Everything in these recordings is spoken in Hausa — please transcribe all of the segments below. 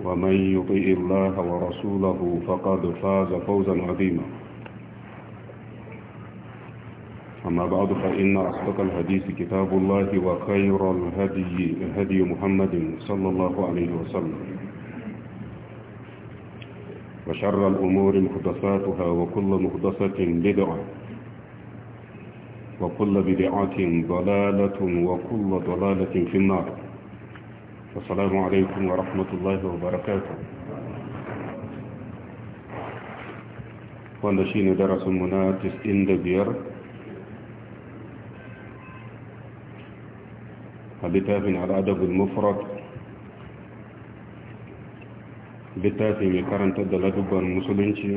ومن يطيع الله ورسوله فقد فاز فوزا عظيما أما بعد فإن أصدق الحديث كتاب الله وخير الهدي هدي محمد صلى الله عليه وسلم وشر الأمور محدثاتها وكل محدثة بدعة وكل بدعة ضلالة وكل ضلالة في النار السلام عليكم ورحمة الله وبركاته ونشين درس مناتس اندبير لتاف على أدب المفرد لتاف مكارن تدل أدب المسلنشي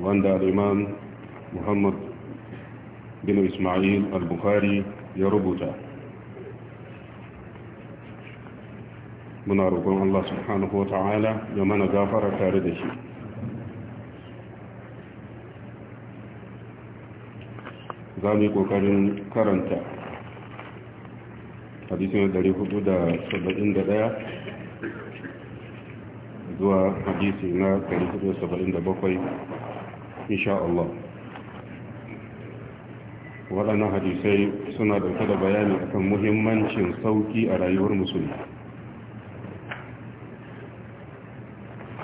واندى الإمام محمد بن إسماعيل البخاري يربطه muna roƙon Allah subhanahu wa ta'ala ya mana gafara tare da shi za mu yi ƙoƙarin karanta hadisun 471 zuwa hadisi na 477 insha Allah waɗannan hadisai suna ɗauke da bayani akan muhimmancin sauƙi a rayuwar musulmi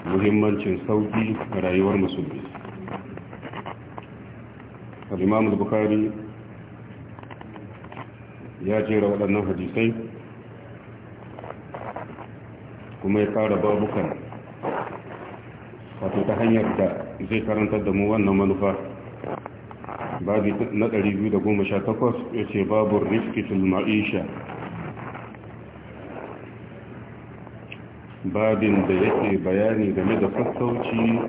muhimmancin sauki a rayuwar musulmi al-imam al-bukhari ya jera waɗannan hadisai kuma ya ƙara babukan wato ta hanyar da zai karantar da mu wannan manufa babu na 218 ya ce babu fil ma'isha babin da yake bayani game da sassauci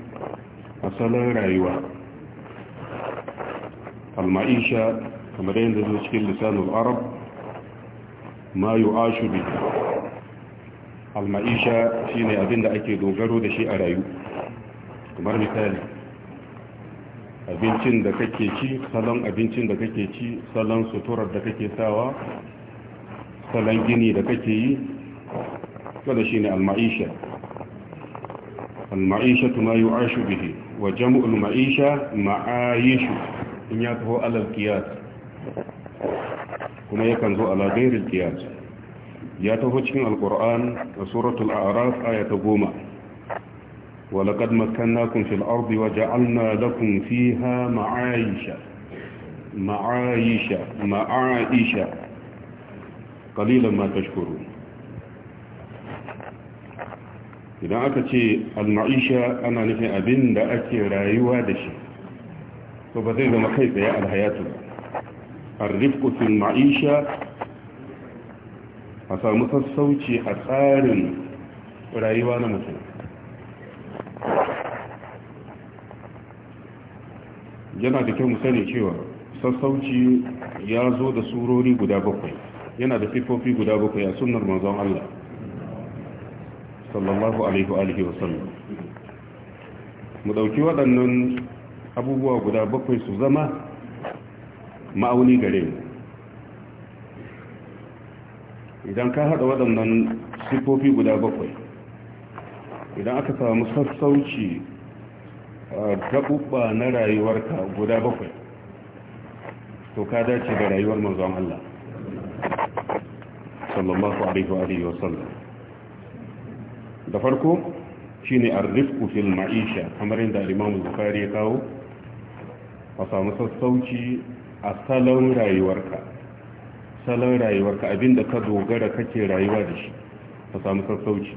a salon rayuwa Alma'isha kamar yadda zo cikin lisanul arab Mayu yu'ashu bi al shine abinda ake dogaro da shi a rayu kamar misali abincin da kake ci salon abincin da kake ci salon suturar da kake sawa salon gini da kake yi kada shi ne al-ma'isha al-ma'isha ma yu'ashu bihi wa jam'ul ma'isha ma'ayishu in ya taho alal qiyas kuma yakan zo ala ghairil ya taho cikin al-qur'an da suratul a'raf aya ta 10 ولقد مكناكم في الأرض وجعلنا لكم فيها معايشة معايشة معايشة قليلا ما تشكرون idan aka ce al-ma'isha ana nufin abin da ake rayuwa da shi to ba zai zama kai tsaye al-hayatu ba ar-rifqu fil ma'isha a samu sassauci a tsarin rayuwa na mutum yana da kyau mu sani cewa sassauci ya zo da surori guda bakwai yana da fifofi guda bakwai a sunnar manzon Allah sallallahu alaihi wa alihi wasallam mu dauki waɗannan abubuwa guda bakwai su zama ma'auni gare mu idan ka haɗa waɗannan sifofi guda bakwai idan aka samu sassauci gaɓuɓɓa na rayuwarka guda bakwai to ka dace da rayuwar manzon Allah sallallahu alaihi wa alihi wasallam da farko shi shine arziku fil ma'isha kamar yadda al zafari ya kawo a samu sassauci a salon rayuwarka salon rayuwarka abinda ka dogara kake rayuwa da shi ka samu sassauci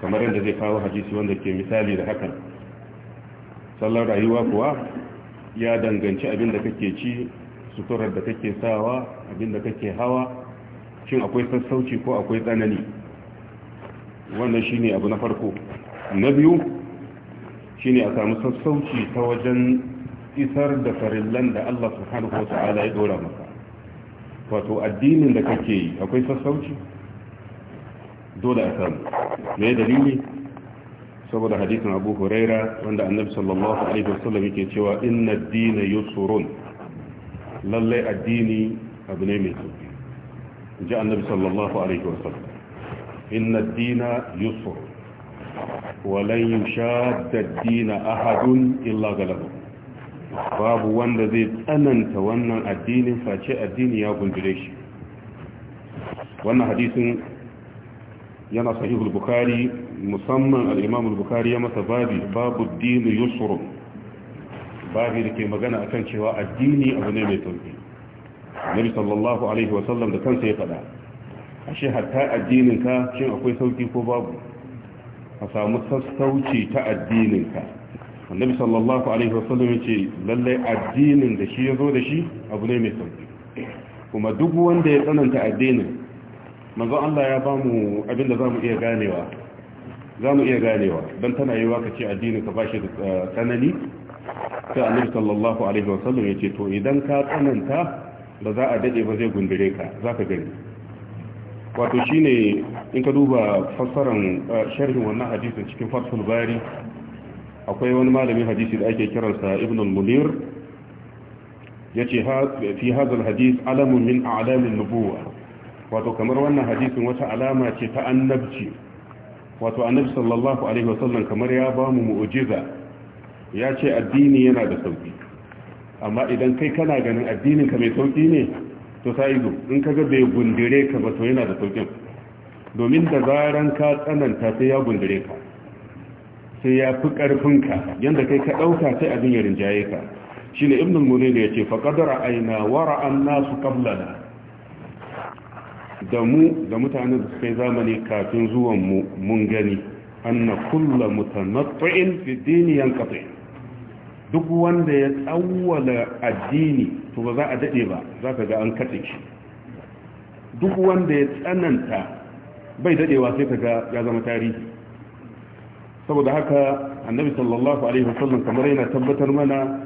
kamar yadda zai kawo hadisi wanda ke misali da hakan salon rayuwa kuwa ya danganci abinda kake ci suturar da kake sawa abinda kake hawa shin akwai sassauci ko akwai tsanani wannan shine abu na farko na biyu shine a samu sassauci ta wajen isar da farillan da Allah subhanahu wa ya dora maka wato addinin da kake yi akwai sassauci dole a samu me dalili saboda hadisin Abu Huraira wanda Annabi sallallahu alaihi wasallam yake cewa inna ad-dina yusrun lalle addini abu ne mai sauki ji Annabi sallallahu alaihi wasallam inna dina yusur walan yushadda dina ahadun illa galabu babu wanda zai tsananta wannan addinin face addini ya gundure shi wannan hadisin yana sahihul bukari musamman al'imam al ya masa babi babu dinu yusuru babi da ke magana akan cewa addini abu ne mai sauki nabi sallallahu alaihi wasallam da kansa ya faɗa ashe hatta addininka shin akwai sauki ko babu a samu sassauci ta addininka annabi sallallahu alaihi wasallam yace lallai addinin da shi yazo da shi abu ne mai sauki kuma duk wanda ya tsananta addinin manzo Allah ya bamu abin da zamu iya ganewa zamu iya ganewa dan tana yiwa ka ce addininka ba shi da eh, tsanani sai annabi sallallahu alaihi wasallam yace to idan ka tsananta ba za a dade ba zai gundure ka zaka gani wato shine in ka duba fassaran uh, sharhin wannan hadisin cikin fathul bari akwai wani malamin hadisi da ake kiransa ibn al-munir yace fi hadha al-hadith alamun min a'lam an-nubuwa wato kamar wannan hadisin wata alama ce ta annabci wato annabi sallallahu alaihi wasallam kamar ya ba mu mu'jiza yace addini yana da sauki amma idan kai kana ganin addinin ka mai sauki ne to izo, in ka ga bai gundire ka ba to yana da saukin domin da zaran ka tsananta sai ya gundire ka sai ya fi ƙarfinka yadda kai ka ɗauka sai abin ya rinjaye ka shi ne muni da ya ce faƙadar aina wara an nasu kablana da mu da mutane da suka yi zamani kafin zuwan mu mun gani an na kulla mutanattu'in fi dini ƙasa'i. duk wanda ya tsawwala addini to ba za a dade ba za ka ga an kace shi duk wanda ya tsananta bai daɗewa sai ka ga ya zama tarihi saboda haka annabi sallallahu alaihi wasallam kamar yana tabbatar mana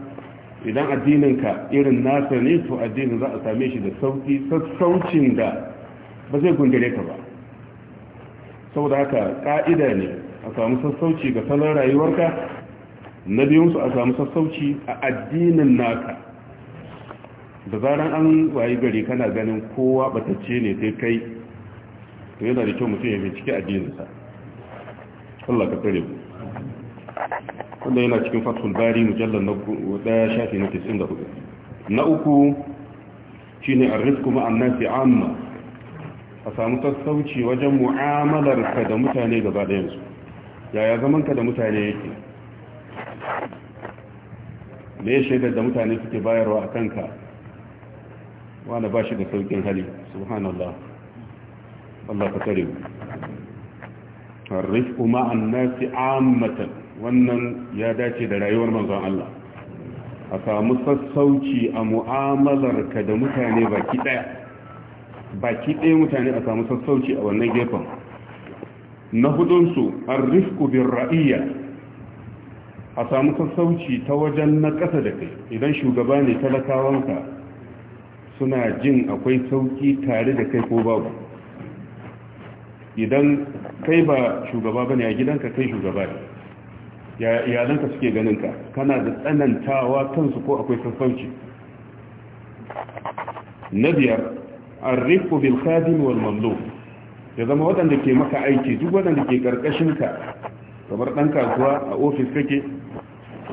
idan addininka irin nasa ne to addinin za a same shi da sauki sassaucin da ba zai gundare ka ba saboda haka ka'ida ne a samu sassauci ga salon rayuwarka na biyunsu a samu sassauci a addinin naka da zaran an wayi gari kana ganin kowa batacce ne sai kai to yana da kyau mutum ya bincike addininsa Allah ka tare mu wanda yana cikin fatul bari mujallar na daya shafi na 94 na uku shine arrisku ma'an fi amma a samu sassauci wajen mu'amalar ka da mutane gaba ɗayan su yaya zaman ka da mutane yake me ya shaidar da mutane suke bayarwa a kanka wanda ba shi da saukin hali subhanallah Allah ka tare harif kuma nasi amatan wannan ya dace da rayuwar manzon Allah a samu sassauci a mu'amalar ka da mutane baki daya baki daya mutane a samu sassauci a wannan gefen na hudunsu harif ku bin ra'iyya a samu sassauci ta wajen na ƙasa da kai idan shugaba ne talakawanka suna jin akwai sauki tare da kai ko babu idan kai ba shugaba ba ne a gidanka kai shugaba ne yadanka suke ganinka ka kana da tsanantawa kansu ko akwai sassauci na biyar arrifu bil khadim wal ya zama waɗanda ke maka aiki duk waɗanda ke ƙarƙashinka ka kamar ɗan kasuwa a ofis kake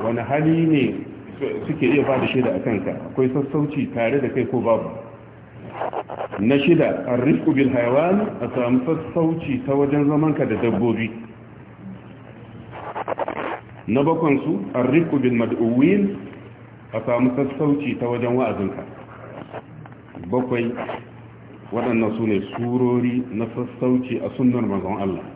wani hali ne suke iya ba da shida a kanka akwai sassauci tare da kai ko babu na shida arrifku bil hayawan a samu sassauci ta wajen zamanka da dabbobi na bakwansu arrifku bil mad'uwin a samu sassauci ta wajen wa'azinka bakwai waɗannan su ne surori na sassauci a sunan manzon Allah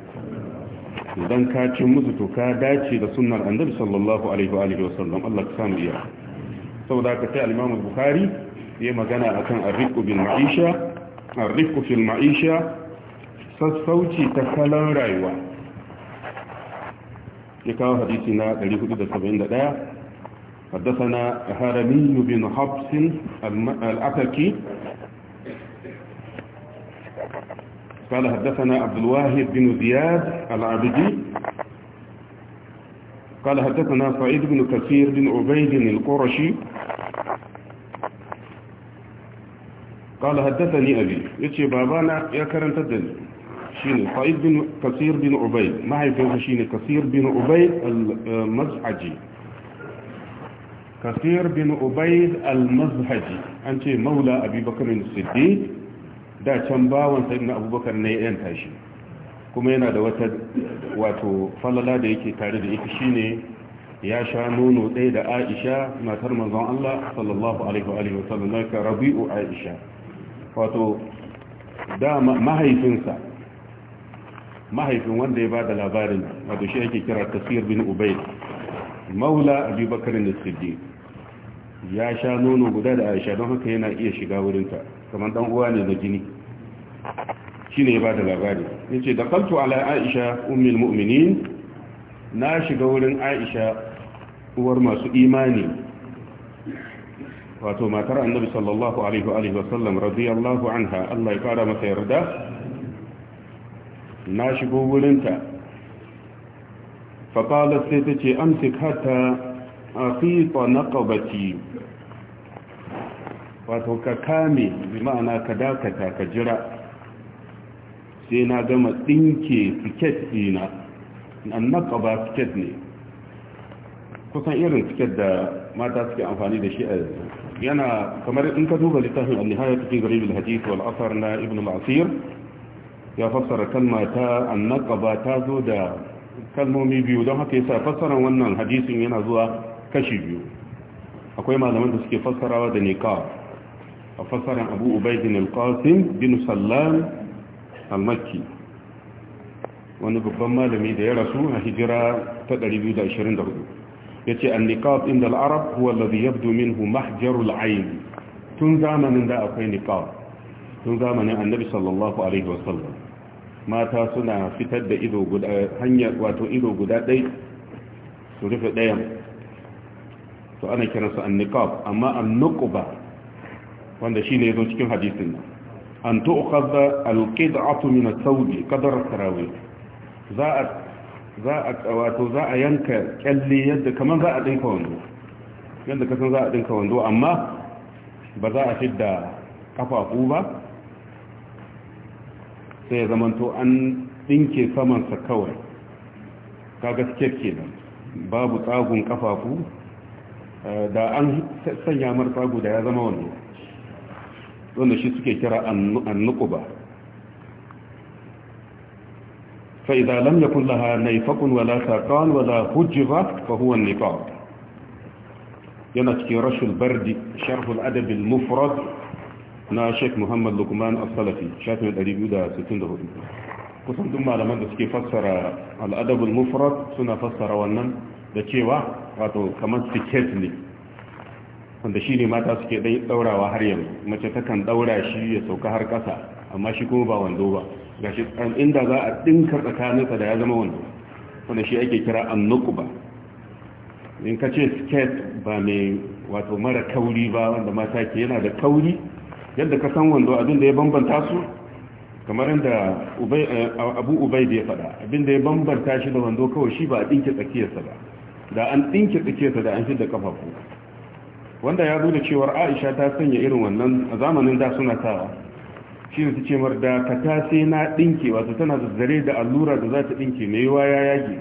idan ka ci musu to ka dace da sunnar annabi sallallahu alaihi wa alihi wasallam Allah ka samu iya saboda ka sai al-Imam Bukhari ya magana akan ar-rifqu bil ma'isha ar-rifqu fil ma'isha sassauci ta kalan rayuwa ya kawo hadisi na 471 حدثنا bin بن al الأتكي قال حدثنا عبد الواحد بن زياد العبدي قال حدثنا سعيد بن كثير بن عبيد القرشي قال حدثني أبي يتشي بابانا يا كرم تدني شيني سعيد بن كثير بن عبيد ما يفهم شيني كثير بن عبيد المزعجي كثير بن عبيد المزعجي أنت مولى أبي بكر الصديق da can bawan sayyidina abubakar ne ya yanta shi kuma yana da wata wato falala da yake tare da ita shine ya sha nono ɗaya da aisha matar manzon Allah sallallahu alaihi wa sallam ka rabi'u aisha wato da mahaifinsa mahaifin wanda ya bada labarin wato shi yake kira tasir bin ubayd maula abubakar ne siddiq ya sha nono guda da aisha don haka yana iya shiga wurinta kamar dan uwa ne da jini shine ya bada labari yace da kaltu ala aisha ummul mu'minin na shiga wurin aisha uwar masu imani wato matar annabi sallallahu alaihi wa alihi radiyallahu anha Allah ya fara masa yarda na shigo wurinta fa qalat sai tace amsik hatta aqiqa naqabati wato ka kame bi ma'ana ka dakata ka jira sai na gama ɗinke tiket ɗina an naƙaba tiket ne kusan irin siket da mata suke amfani da shi a yanzu yana kamar in ka duba littafin annihaya cikin garibin hadith wal asar na ibn Masir? asir ya fassara kalma ta an naƙaba ta zo da kalmomi biyu don haka yasa fassaran wannan hadisin yana zuwa kashi biyu akwai malaman da suke fassarawa da niqab a fasarar abu ubaidin al-qasim bin sallam al-makki wani babban malami da ya rasu a hijira ta 224 ya ce al annikab inda al'arab huwa lazi yabdo minhu mahjarul aini tun zamanin da akwai niqab tun zamanin annabi sallallahu alaihi wasallam mata suna fitar da ido guda hanyar wato ido guda ɗai su rufe ɗayan to ana al annikab amma al annuquba wanda shi ya zo cikin hadisin nan an tu'khadha da qidatu min at-thawbi qadar sarawi za a za a wato za a yanka kyalle yadda kaman za a dinka wando yadda kasan za a dinka wando amma ba za a fidda kafafu ba sai ya zamanto an dinke samansa kawai ka gaske nan babu tsagun kafafu eh, da an sanya mar tsago da ya zama wando wanda shi suke kira annuquba fa idza lam yakun laha nayfaqun wala saqan wala hujba fa huwa an-niqab yana cikin rashul bardi sharh al-adab al-mufrad na shaykh Muhammad Lukman As-Salafi shafin 264 kusan duk malaman da suke fassara al-adab al-mufrad suna fassara wannan da cewa wato kamar ticket ne wanda shi ne mata suke ɗaurawa har yanzu mace takan ɗaura shi ya sauka har ƙasa amma shi kuma ba wando ba ga shi um, inda za a ɗinka tsakaninsa da ya zama wando wanda shi ake kira ba in ka ce skirt ba mai wato mara kauri ba wanda mata ke yana da kauri yadda ka san wando abinda ya bambanta su kamar inda eh, abu ubai da ya faɗa abinda ya bambanta shi da wando kawai shi ba a ɗinke tsakiyarsa ba da an ɗinke tsakiyarsa da an fi da kafafu wanda ya zo da cewar aisha ta sanya irin wannan a zamanin da suna sawa shi ne su ce mar da ka ta sai na ɗinke wato tana zazzare da allura da za ta ɗinke mai yawa ya yage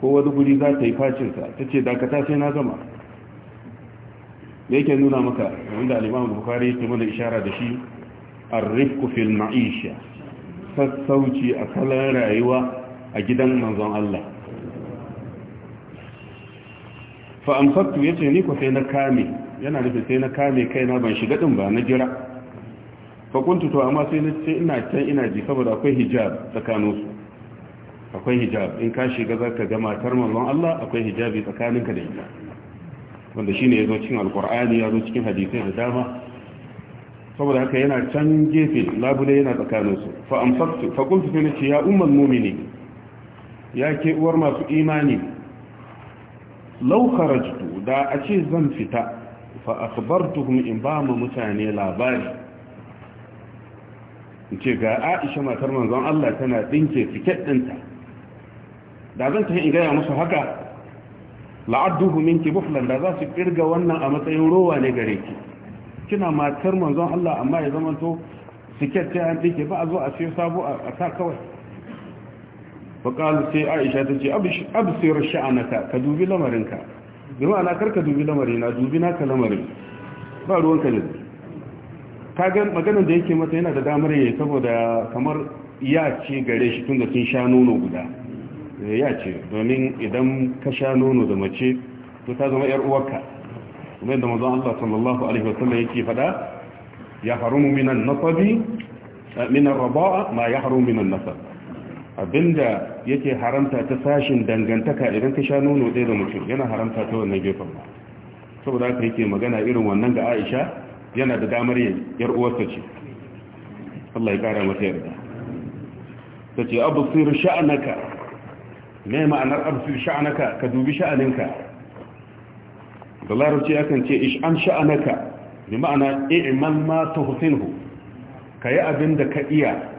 ko wani guri za ta yi facinsa ta ce da ka ta sai na gama da yake nuna maka wanda al'imam bukari yake mana ishara da shi arrifku fil ma'isha sassauci a salon rayuwa a gidan manzon Allah fa amsaktu yace ni ko sai na kame yana nufin sai na kame kaina ban shiga din ba na jira fa kuntu to amma sai na ce ina can ina ji saboda akwai hijab tsakanin su akwai hijab in ka shiga zaka ga matar manzon Allah akwai hijabi tsakaninka da ita wanda shine yazo cikin alqur'ani yazo cikin hadisai da dama saboda haka yana can gefe labule yana tsakanin su fa amsaktu fa kuntu sai na ce ya ummul mumini ya ke uwar masu imani law da a ce zan fita fa tuhumi in ba mu mutane labari ce ga Aisha matar manzon Allah tana dinke tiket dinta da zan ta in gaya musu haka la'adduhu minki buhlan da za su kirga wannan a matsayin rowa ne gare ki kina matar manzon Allah amma ya zamanto tiket ta an dinke ba a zo a ce sabo a ta kawai faƙalu sai aisha ta ce abisir sha'anaka ka dubi lamarinka zama na karka dubi lamarina dubi naka lamarin ba ruwanka ne ka ga maganar da yake mata yana da damar yayi saboda kamar ya ce gare shi tun da sun sha nono guda ya ce domin idan ka sha nono da mace to ta zama yar uwarka kuma yadda mazan Allah sallallahu alaihi wasallam yake faɗa ya haramu minan nasabi minan raba'a ma ya haramu minan nasabi abinda yake haramta ta sashin dangantaka idan ka sha nono ɗaya da mutum yana haramta ta wannan gefen ba saboda haka yake magana irin wannan ga aisha yana da damar yin yar uwarsa ce Allah ya kara mata yarda ta ce abusir sha'anaka me ma'anar abusir sha'anaka ka dubi sha'aninka da larabci kan ce an sha'anaka bi ma'ana i'mal ma tuhsinhu yi abin da ka iya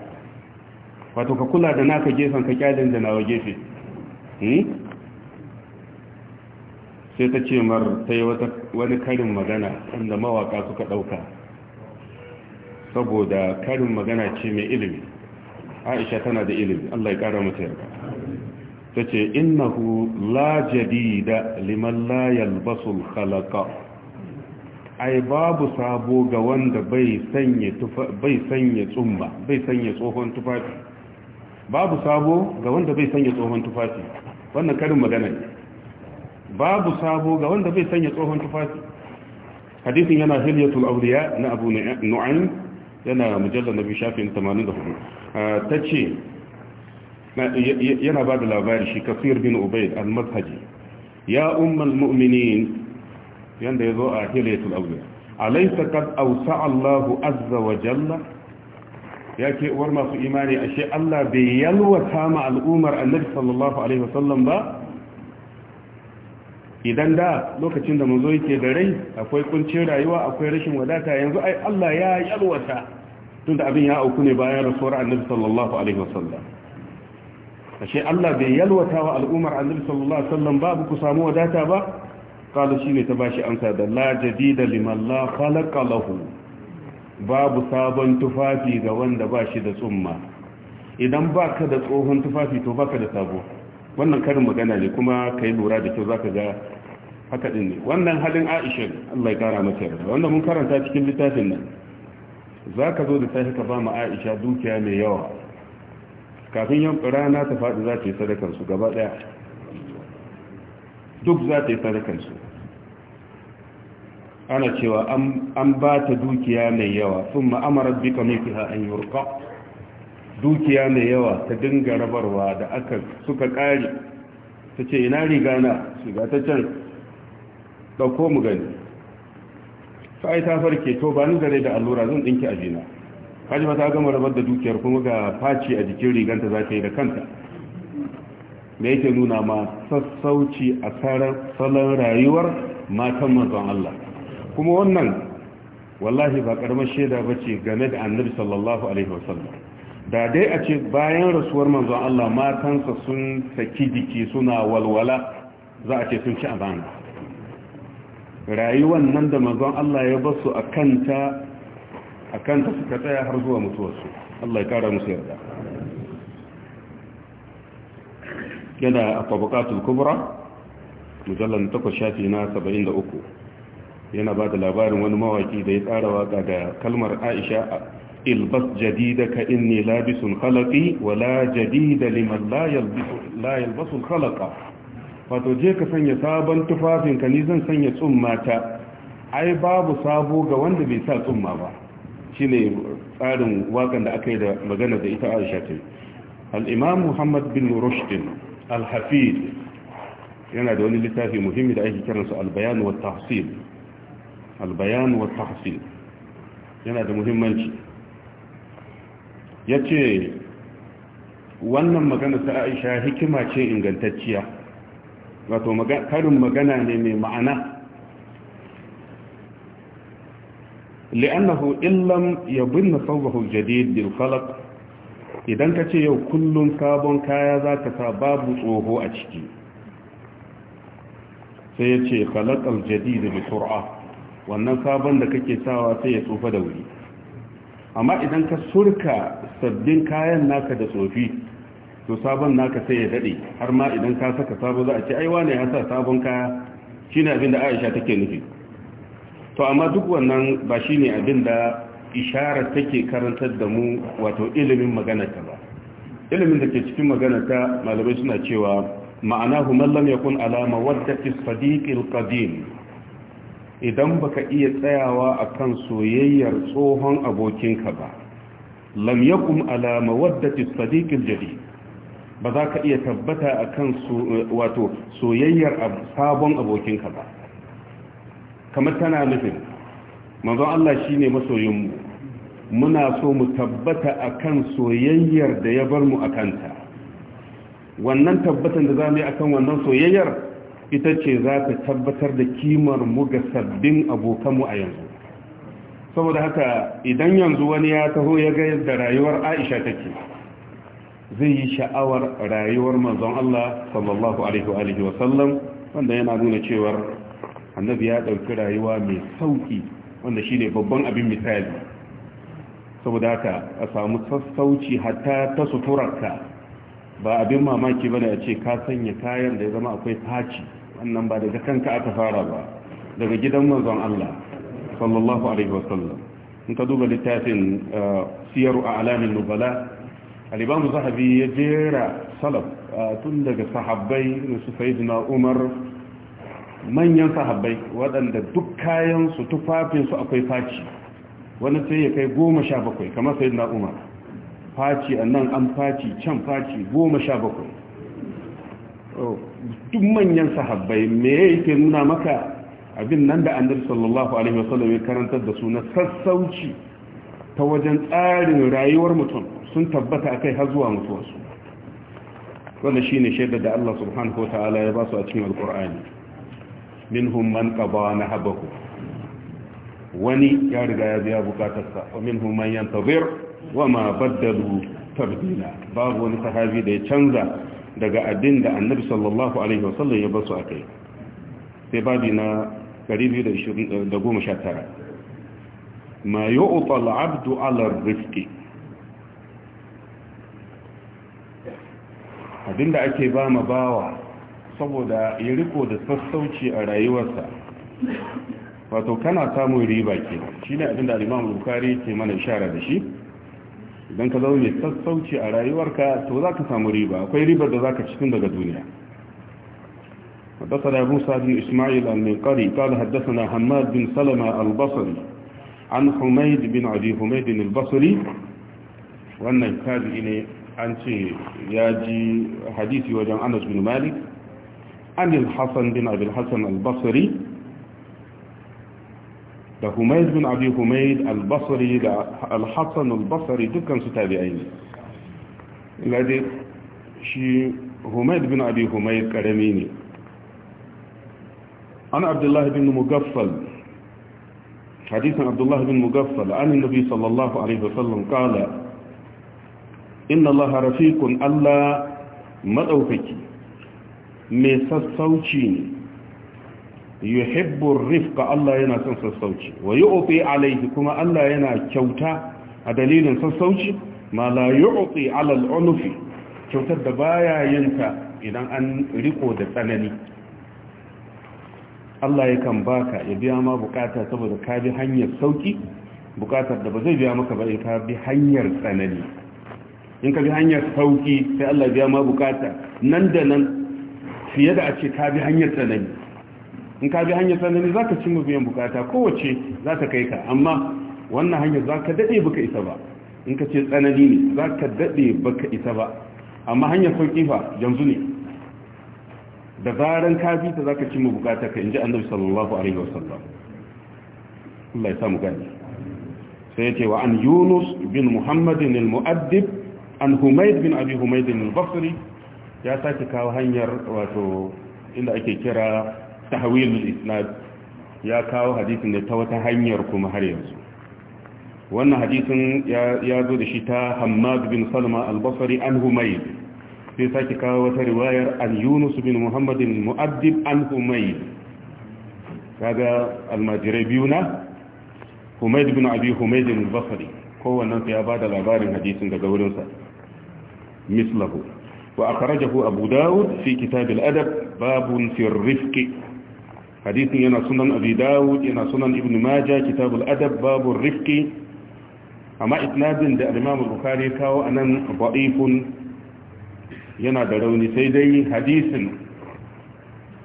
wato ka kula da naka gefen ka kyalin da nawa gefe hmm? sai ta ce mar ta yi wani karin magana inda mawaka suka ɗauka saboda karin magana ce mai ilimi aisha tana da ilimi allah ya ƙara mata yarda ta ce innahu la jadida liman la yalbasul halaka ai babu sabo ga wanda bai sanya tsumba bai sanya tsohon tufafi babu sabo ga wanda bai sanya tsohon tufafi wannan karin magana ne babu sabo ga wanda bai sanya tsohon tufafi hadisin yana hilyatul awliya na abu nu'aym yana mujallal nabi shafin 84 ah, ce yana ba da labari shi kafir bin Ubaid al-mazhaji ya ummul mu'minin yanda ya zo a hilyatul awliya alaysa qad awsa Allahu azza wa jalla ya ke uwar masu imani ashe Allah bai yalwata ma al'umar annabi sallallahu alaihi wasallam ba idan da lokacin da manzo yake da rai akwai kuncin rayuwa akwai rashin wadata yanzu ai Allah ya yalwata tunda abin ya auku ne bayan rasuwar annabi sallallahu alaihi wasallam ashe Allah bai yalwata wa al'umar annabi sallallahu alaihi wasallam ba ba ku samu wadata ba qala ne ta bashi amsa da la jadida liman la khalaqa lahu babu sabon tufafi ga wanda ba shi da tsumma idan ba ka da tsohon tufafi to ba ka da sabo wannan karin magana ne kuma ka yi lura da kyau za ka ga haka ɗin ne wannan halin aisha allah ya kara mata yarda wanda mun karanta cikin littafin nan za ka zo da sashi ka ba ma aisha dukiya mai yawa kafin yan rana ta faɗi za ta yi sadakansu gaba ɗaya duk za ta yi sadakansu ana cewa an ba ta dukiya mai yawa sun ma'amarar bika mafiha an yurka dukiya mai yawa ta dinga rabarwa da aka suka ƙari ta ce ina riga na shiga ta can ɗauko mu gani sai ta farke to ba ni gare da allura zan ɗinki a jina kaji ba ta gama rabar da dukiyar kuma ga faci a jikin riganta za ta yi da kanta da yake nuna ma sassauci a salon rayuwar matan mazan Allah kuma wannan wallahi ba karamar shaida ba ce game da annabi sallallahu alaihi wasallam da dai a ce bayan rasuwar manzon Allah matansa sun saki jiki suna walwala za a ce sun ci amana rayuwar nan da manzon Allah ya basu a kanta a kanta suka tsaya har zuwa mutuwarsu Allah ya kara musu yarda yana a tabakatul kubra mujallar takwas shafi na 73 yana ba da labarin wani mawaki da ya tsara waka da kalmar aisha ilbas jadida ka inni labisun khalaqi wala jadida liman la yalbisu la khalaqa wato je ka sanya sabon tufafin ka ni zan sanya tsumma ta ai babu sabo ga wanda bai sa tsumma ba shine tsarin wakan da aka yi da magana da ita Aisha ce al-Imam Muhammad bin Rushd al-Hafiz yana da wani littafi muhimmi da ake kiransa al-Bayan wa Tahsil albayan wa tahsin yana da muhimmanci yace wannan magana ta Aisha hikima ce ingantacciya wato karin magana ne mai ma'ana لأنه إن لم يبن صوبه الجديد بالخلق idan ka ce yau kullum sabon kaya za sa babu tsoho a ciki sai ya ce falakal jadi da wannan sabon da kake sawa sai ya tsufa da wuri amma idan ka surka sabbin kayan naka da tsofi to sabon naka sai ya daɗe har ma idan ka saka sabo za a ce ai wane ya sa sabon kaya shine abin da Aisha take nufi to amma duk wannan ba shine abin da isharar take karantar da mu wato ilimin magana ba ilimin da ke cikin magana ta malamai suna cewa ma'ana man lam yakun ala mawaddati sadiqil qadim idan baka iya tsayawa a kan soyayyar tsohon abokinka ba lam kuma alama wadda sadiqil jadid ba za ka iya tabbata a wato soyayyar sabon abokinka ba kamar tana nufin manzon Allah shi ne masoyinmu muna so mu tabbata a kan soyayyar da ya bar mu a kanta, wannan tabbatan da zamu yi akan wannan soyayyar ita ce za ta tabbatar da kimar mu ga sabbin abokanmu a yanzu saboda haka idan yanzu wani ya taho ya ga yadda rayuwar aisha take zai yi sha'awar rayuwar manzon Allah sallallahu alaihi wa sallam wanda yana nuna cewar annabi ya ɗauki rayuwa mai sauki wanda shine babban abin misali saboda haka a samu sassauci hatta ta suturarka ba abin mamaki bane a ce ka sanya kayan da ya zama akwai faci wannan ba daga kanka aka fara ba daga gidan manzon Allah sallallahu alaihi wasallam in ka duba littafin uh, siyaru a alamin nubala alibamu zahabi ya jera salaf uh, tun daga sahabbai su sayyidina umar manyan sahabbai waɗanda duk kayan kayansu tufafinsu akwai faci wani sai ya kai goma sha bakwai kamar sai umar faci a nan an faci can faci goma sha bakwai oh. duk manyan sahabbai me yake nuna maka abin nan da annabi sallallahu alaihi wasallam ya karantar da su na sassauci ta wajen tsarin rayuwar mutum sun tabbata akai har zuwa mutuwarsu wannan shine shaida da Allah subhanahu wataala ya ba su a cikin alqur'ani minhum man qada habaku wani ya riga ya biya bukatarsa wa minhum man yantazir wa ma baddalu tabdila babu wani sahabi da ya canza daga abin da annabi sallallahu alaihi wasallam ya basu a kai sai babi na 219 ma yi al-'abdu alar ar-rifqi da ake ba ma bawa saboda ya riko da sassauci a rayuwarsa wato kana samun riba ke shi ne abinda da imam Bukhari ke mana shara da shi idan ka zama mai sassauci a rayuwarka to za ka samu riba akwai ribar da za ka cikin daga duniya حدثنا موسى بن إسماعيل المنقري قال حدثنا حماد بن سلمة البصري عن حميد بن عدي حميد البصري وأن يكاد إني أنت ياجي حديثي وجن أنس بن مالك عن الحسن بن أبي الحسن البصري ده بن عبي هميد البصري ده البصري ده ستابعين لدي شي هميد بن عبي هميد كرميني أنا عبد الله بن مقفل حديثا عبد الله بن مقفل عن النبي صلى الله عليه وسلم قال إن الله رفيق الله مدعوكي ميسا سوچيني yuhibbu rifqa Allah yana son sassauci wa yu'ti alayhi kuma Allah yana kyauta a dalilin sassauci ma la yu'ti ala al kyautar da baya yinta idan an riko da tsanani Allah yakan baka ya biya ma bukata saboda ka bi hanyar sauki bukatar da ba zai biya maka ba in ka bi hanyar tsanani in ka bi hanyar sauki sai Allah biya ma bukata nan da nan fiye da a ce ka bi hanyar tsanani in ka bi hanyar tsanani za ka cimma biyan bukata kowace za ta kai ka amma wannan hanyar za ka daɗe baka isa ba in ka ce tsanani ne za ka daɗe baka isa ba amma hanyar sauƙi fa yanzu ne da zaran ka bi ta za ka cimma bukata ka in ji annabi sallallahu alaihi wasallam Allah ya samu gani sai ya ce wa an yunus bin muhammadin al-mu'addib an humayd bin abi humayd al-basri ya sake kawo hanyar wato inda ake kira tahwilul ya kawo hadisin da ta wata hanyar kuma har yanzu wannan hadisin ya zo da shi ta Hammad bin Salma al-Basri an Humayd sai sake kawo wata riwayar an Yunus bin Muhammadin al-Mu'addib an Humayd kaga almajirai biyu na Humayd bin Abi Humayd al-Basri kowannen ya da labarin hadisin daga wurinsa mislahu wa akhrajahu Abu Dawud fi kitab al-adab babun fi rifqi hadisin yana sunan abi yana sunan ibn Maja, kitabul adab babu rifqi amma isnadin da al-imam bukhari kawo anan Ba'ifun yana da rauni sai dai hadisin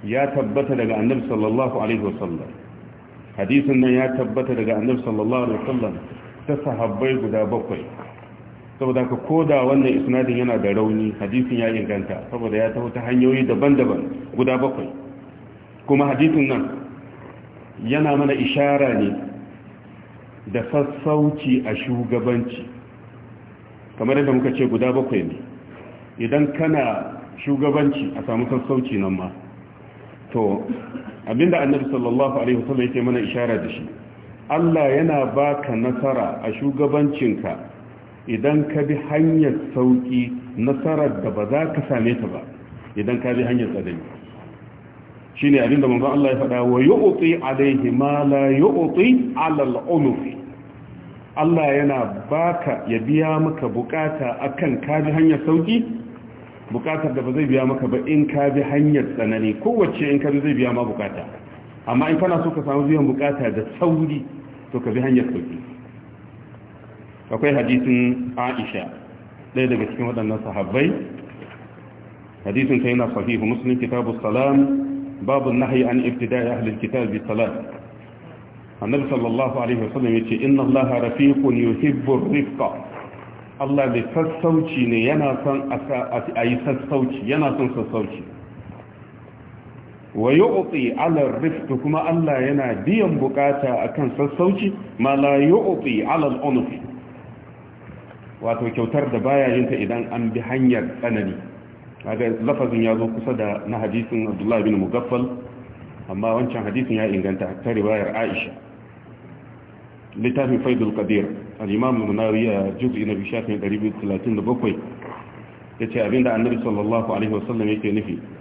ya tabbata daga annabi sallallahu alaihi wasallam hadisin nan ya tabbata daga annabi sallallahu alaihi wasallam ta sahabbai guda bakwai saboda ka koda wannan isnadin yana da rauni hadisin ya inganta saboda ya taho ta hanyoyi daban-daban guda bakwai kuma hadisin nan yana mana ishara ne da sassauci a shugabanci kamar yadda muka ce guda bakwai ne idan kana shugabanci a samu sassauci nan ma to abinda annabi sallallahu alaihi wasallam yake mana ishara da shi Allah yana baka nasara a shugabancinka idan ka bi hanyar sauki nasarar da ba za ka same ta ba idan ka bi hanyar tsadani shine abin da manzon Allah ya faɗa wa yu'ti alaihi ma la yu'ti ala al-unuf Allah yana baka ya biya maka bukata akan ka bi hanyar sauki bukatar da ba zai biya maka ba in ka bi hanyar tsanani kowace in ka bi zai biya ma bukata amma in kana so ka samu biyan bukata da sauri to ka bi hanyar sauki akwai hadisin Aisha ɗaya daga cikin waɗannan sahabbai hadisin ta yana sahihu muslim kitabu salam babu nahyi an ibtida'i ahli alkitab bi salat annabi sallallahu alaihi wasallam yace inna allaha rafiqun yuhibbu ar-rifqa Allah mai sassauci ne yana son a yi sassauci yana son sassauci wa yu'ti 'ala ar-rifq kuma Allah yana biyan bukata akan sassauci ma la yu'ti 'ala al wato kyautar da baya yin ta idan an bi hanyar tsanani kaga lafazin ya zo kusa da na hadisin abdullahi bin mugaffal amma wancan hadisin ya inganta ta riwayar aisha littafin faidul qadir al-imam al-munawi a juz'i na bishafin 237 yace abinda annabi sallallahu alaihi wasallam yake nufi ya fi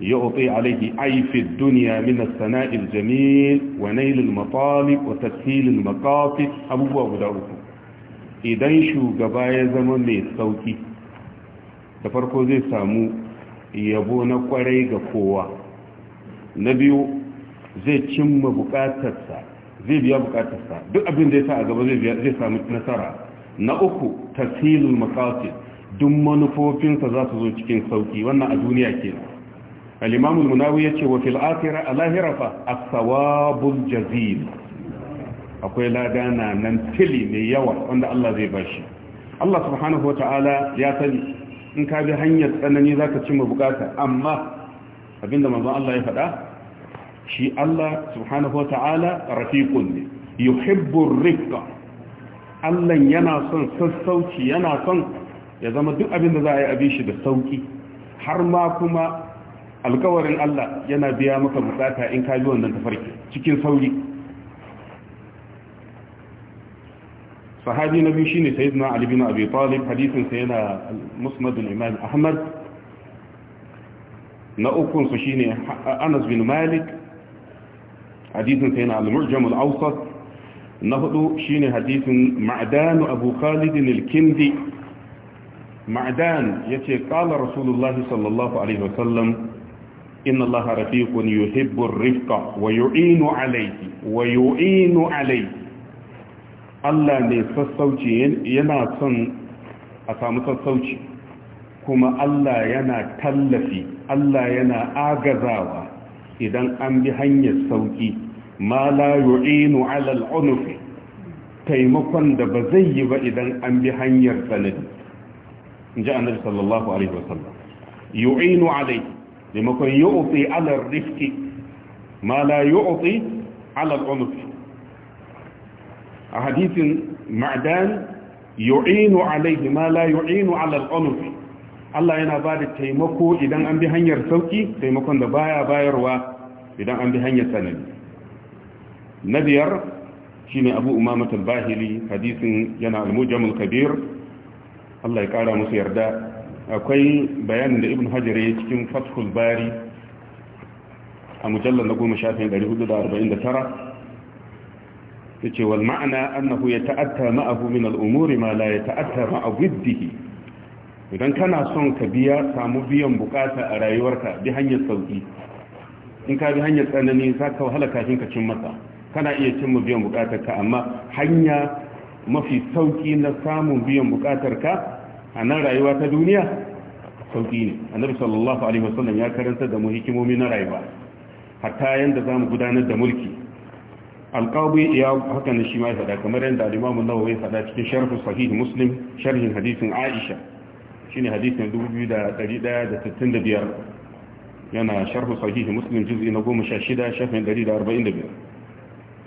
يعطي عليه عيف الدنيا من الثناء الجميل ونيل المطالب وتسهيل abubuwa guda uku. Idan shugaba ya zama mai للسوكي da farko zai samu yabo na kwarai ga kowa na biyu zai cimma bukatarsa zai biya bukatarsa duk abin da ya sa a gaba zai samu nasara na uku tasirin makasin duk manufofinsa za su zo cikin sauki wannan a duniya ke al'imamu munawi ya ce wa fil'afira a fa a sawabun jazil akwai lada na nan tili mai yawa wanda Allah zai bashi Allah subhanahu wa ta'ala ya sani in ka bi hanyar tsanani za ka cimma bukata amma abinda manzon Allah ya faɗa shi Allah subhanahu wa ta'ala rafiqun ne yuhibbu rifqa Allah yana son sassauci yana son ya zama duk abin da za a yi abin shi da sauki har ma kuma alkawarin Allah yana biya maka bukata in ka bi wannan tafarki cikin sauri فهذه نبي شيني سيدنا علي بن أبي طالب حديث سيدنا المصمد الإمام أحمد نأكل سشيني أنس بن مالك حديث سيدنا المعجم الأوسط نهدو شيني حديث معدان أبو خالد الكندي معدان يتي قال رسول الله صلى الله عليه وسلم إن الله رفيق يحب الرفق ويعين عليه ويعين عليه Allah ne sassauci yana son a samu sassauci kuma Allah yana tallafi Allah yana agazawa idan an bi hanyar sauki ma la yu'inu 'ala al-unuf taimakon da ba zai yi ba idan an bi hanyar sanadi inji annabi sallallahu alaihi wasallam yu'inu 'alai taimakon yu'ti 'ala ar-rifqi ma la yu'ti 'ala al-unuf a hadisin ma'dan yu'inu alaihi ma la yu'inu ala al-unuf Allah yana ba da taimako idan an bi hanyar sauki taimakon da baya bayarwa idan an bi hanyar sanadi na biyar shine Abu Umamah al-Bahili hadisin yana al-Mujamul Kabir Allah ya kara musu yarda akwai bayanin da Ibn Hajar ya cikin Fathul Bari a mujallar na goma shafin 449 ce wal ma'ana annahu yata'atta ma'ahu min al-umuri ma la yata'atta ma'a biddihi idan kana son ka biya samu biyan bukata a rayuwarka bi hanyar sauki in ka bi hanyar tsanani za ka wahala kafin ka cin masa kana iya cin mu biyan ka amma hanya mafi sauki na samun biyan bukatarka a nan rayuwa ta duniya sauki ne annabi sallallahu alaihi wasallam ya karanta da mu hikimomi na rayuwa hatta yanda zamu gudanar da mulki alƙawai ya haka na shi ma ya faɗa kamar yadda alimamu nawa ya faɗa cikin sharhu sahih muslim sharhin hadisin aisha shine hadisin 2165 yana sharhu sahih muslim juz'i na 16 shafin 145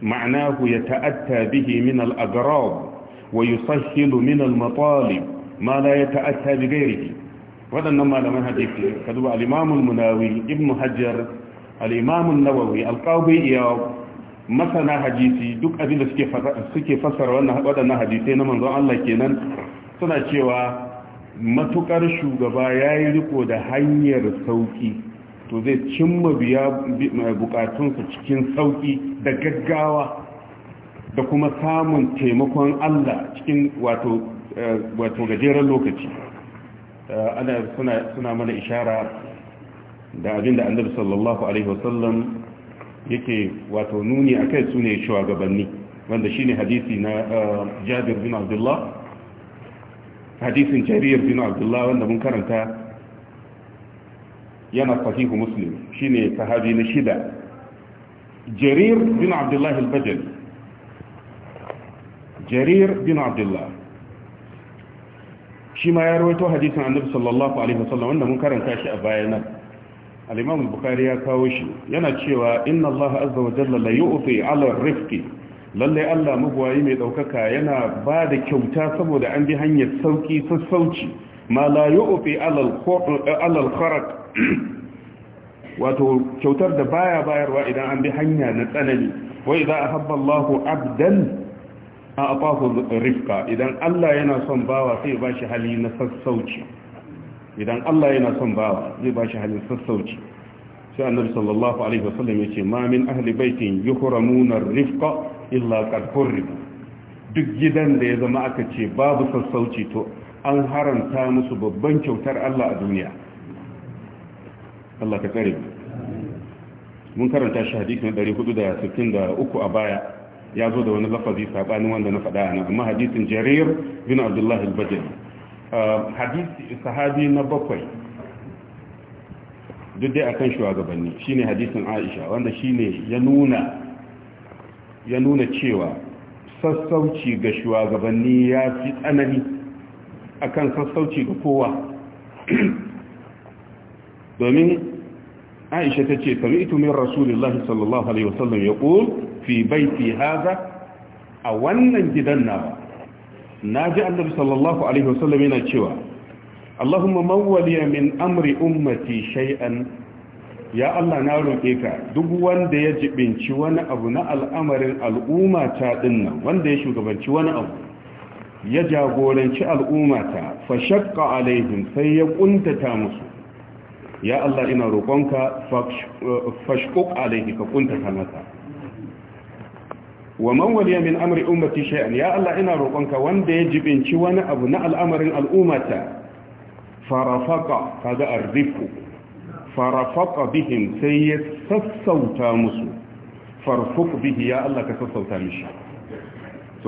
ma'anahu yata'atta bihi min al-agrab wa yusahhilu min al-matalib ma la yata'atta bi ghayrihi wadannan malaman hadisi kaduba al-imam al-munawi ibn hajjar al-imam an-nawawi al-qawbi iyad masana hadisi duk abin da suke fassara waɗannan hadisai na manzon Allah kenan suna cewa matukar shugaba ya yi riko da hanyar sauki to zai cimma biya bukatunsa cikin sauki da gaggawa da kuma samun taimakon Allah cikin wato eh, gajeren lokaci eh, ana suna mana ishara da abin da annabi sallallahu alaihi wasallam yake wato nuni a kai su ne shugabanni wanda shine hadisi na uh, jabir bin abdullah hadisin jarir bin abdullah wanda mun karanta yana sahihu muslim shine sahabi na shida jarir bin abdullah al-bajali jarir bin abdullah shi ma ya rawaito hadisin annabi sallallahu alaihi wasallam wanda mun karanta shi a bayanan al bukari ya kawo shi yana cewa inna allaha azza wa jalla la yu'ti 'ala rifqi lallai allah mugwayi mai daukaka yana ba da kyauta saboda an bi hanyar sauki sassauci ma la yu'ti 'ala al wato kyautar da baya bayarwa idan an bi hanya na tsanani wa idza ahabba allahu 'abdan a'tahu rifqa idan allah yana son bawa sai ba shi hali na sassauci idan Allah yana son bawa zai bashi halin sassauci sai annabi sallallahu alaihi wasallam yace ma min ahli baitin yuhramuna rifqa illa qad hurrimu duk gidan da ya zama aka ce babu sassauci to an haramta musu babban kyautar Allah a duniya Allah ka tsare mun karanta shi hadisi na 463 a baya ya zo da wani lafazi sabanin wanda na faɗa a nan amma hadisin jarir bin abdullahi al-bajali Um, hadisi sahabi na bakwai duk dai akan shugabanni shine hadisin Aisha wanda shine ya nuna ya nuna cewa sassauci ga shugabanni ya fi tsanani akan sassauci ga kowa domin Aisha tace sami'tu min Rasulullah sallallahu alaihi wasallam yaqul fi baiti hadha a wannan gidan nawa na ji annabi sallallahu alaihi wasallam yana cewa Allahumma man waliya min amri ummati shay'an ya Allah na roƙe ka duk wanda ya jibinci wani abu na al'amarin al'umma ta dinnan wanda ya shugabanci wani abu ya jagoranci al'umma ta fa shaqqa alaihim sai ya kuntata musu ya Allah ina roƙonka fashquq alaihi ka kuntata masa wa man waliya min amri ummati shay'an ya Allah ina roƙonka wanda ya jibinci wani abu na al'amarin al'ummata farafaqa kaga arziku farafaqa bihim sai ya sassauta musu farfuq bihi ya Allah ka sassauta mishi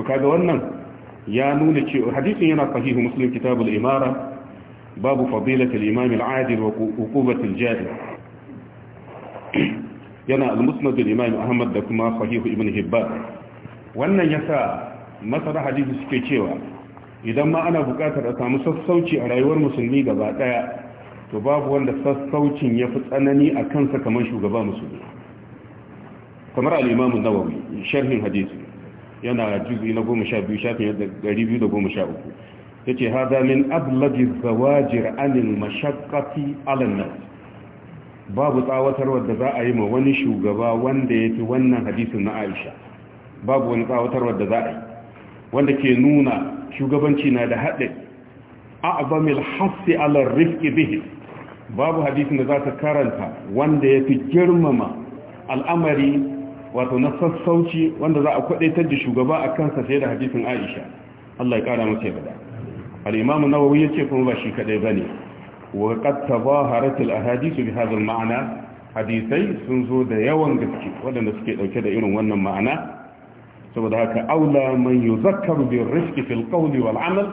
to kaga wannan ya nuna cewa hadisin yana sahihu muslim kitabul imara babu fadilati al-imam al-adil wa uqubati al-jahil yana al-musnad al-imam ahmad da kuma sahihu ibn hibban wannan ya sa masara hadisi suke cewa idan ma ana buƙatar a samu sassauci a rayuwar musulmi gaba ɗaya to babu wanda sassaucin ya fi tsanani a kansa kamar shugaba musulmi kamar al'imamun nawawi sharhin hadisi yana juzi na goma sha biyu shafin yadda ɗari biyu da goma sha uku ya ce haza min ablaji zawajir anil mashakati alannas babu tsawatarwar da za a yi ma wani shugaba wanda ya fi wannan hadisin na aisha babu wani tsawatarwar da za a yi wanda ke nuna shugabanci na da haɗe a'zamil hassi ala rifqi bihi babu hadisin da za ka karanta wanda ya fi girmama al'amari wato na sassauci wanda za a kwadaitar da shugaba a kansa sai da hadisin aisha Allah ya kara masa yarda al-imamu ya ce kuma ba shi ba ne. wa qad tabaharat al-ahadith bi hadha al hadisai sun zo da yawan gaske wadanda suke ɗauke da irin wannan ma'ana saboda haka aula man yuzakkaru bi rifqi fil qawli wal amal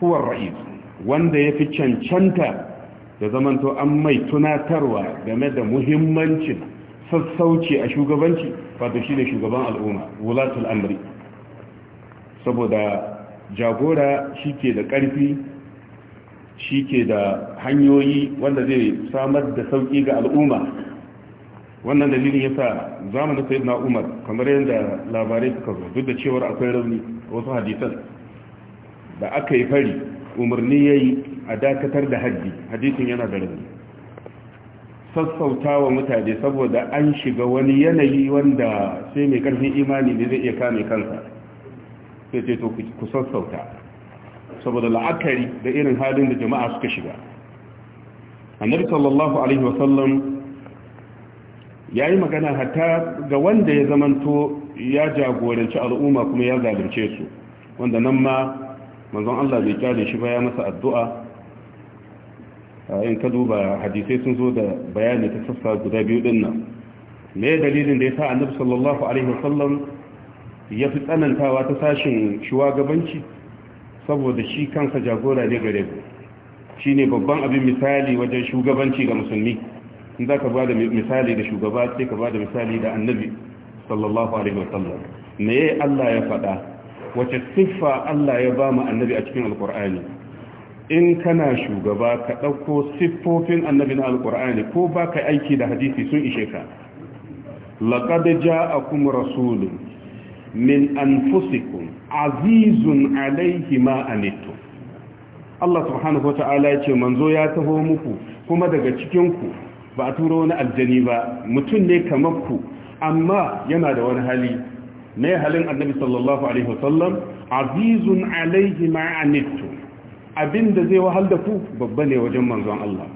huwa ar-ra'is wanda yafi cancanta da zamanto an mai tunatarwa game da muhimmancin sassauci a shugabanci wato shine shugaban al'umma wulatul amri saboda jagora shike da karfi shike da hanyoyi wanda zai samar da sauki ga al'umma wannan dalilin yasa zamanin sayyidina Umar kamar yadda labarai suka zo duk da cewar akwai rauni wasu hadisan da aka yi fari umarni yayi a dakatar da haddi hadisin yana da rauni sassautawa mutane saboda an shiga wani yanayi wanda sai mai karfin imani ne zai iya kame kansa sai ce to ku sassauta saboda la'akari da irin halin da jama'a suka shiga annabi sallallahu alaihi wasallam ya yi magana hatta ga wanda ya zamanto ya jagoranci al'umma kuma ya zalunce su wanda nan ma manzon Allah bai kyale shi ba ya masa addu'a in ka duba hadisai sun zo da bayani ta sassa guda biyu din nan me dalilin da ya sa annabi sallallahu alaihi wasallam ya fi tsanantawa ta sashin shugabanci saboda shi kansa jagora ne gare ku shine babban abin misali wajen shugabanci ga musulmi in za ka ba da misali da shugaba sai ka ba da misali da annabi sallallahu alaihi wasallam me ya Allah ya faɗa wace siffa Allah ya ba mu annabi a cikin alkur'ani in kana shugaba ka ɗauko siffofin annabi na alkur'ani ko ba ka aiki da hadisi sun ishe ka laqad ja'akum rasulun min anfusikum azizun alaihi ma anittum Allah subhanahu wa ta'ala ya ce manzo ya taho muku kuma daga cikinku ba a turo wani aljani ba mutum ne kamar ku amma yana da wani hali yi halin annabi sallallahu alaihi wasallam azizun alaihi ma'anittu abinda zai wahal da ku babba ne wajen manzon Allah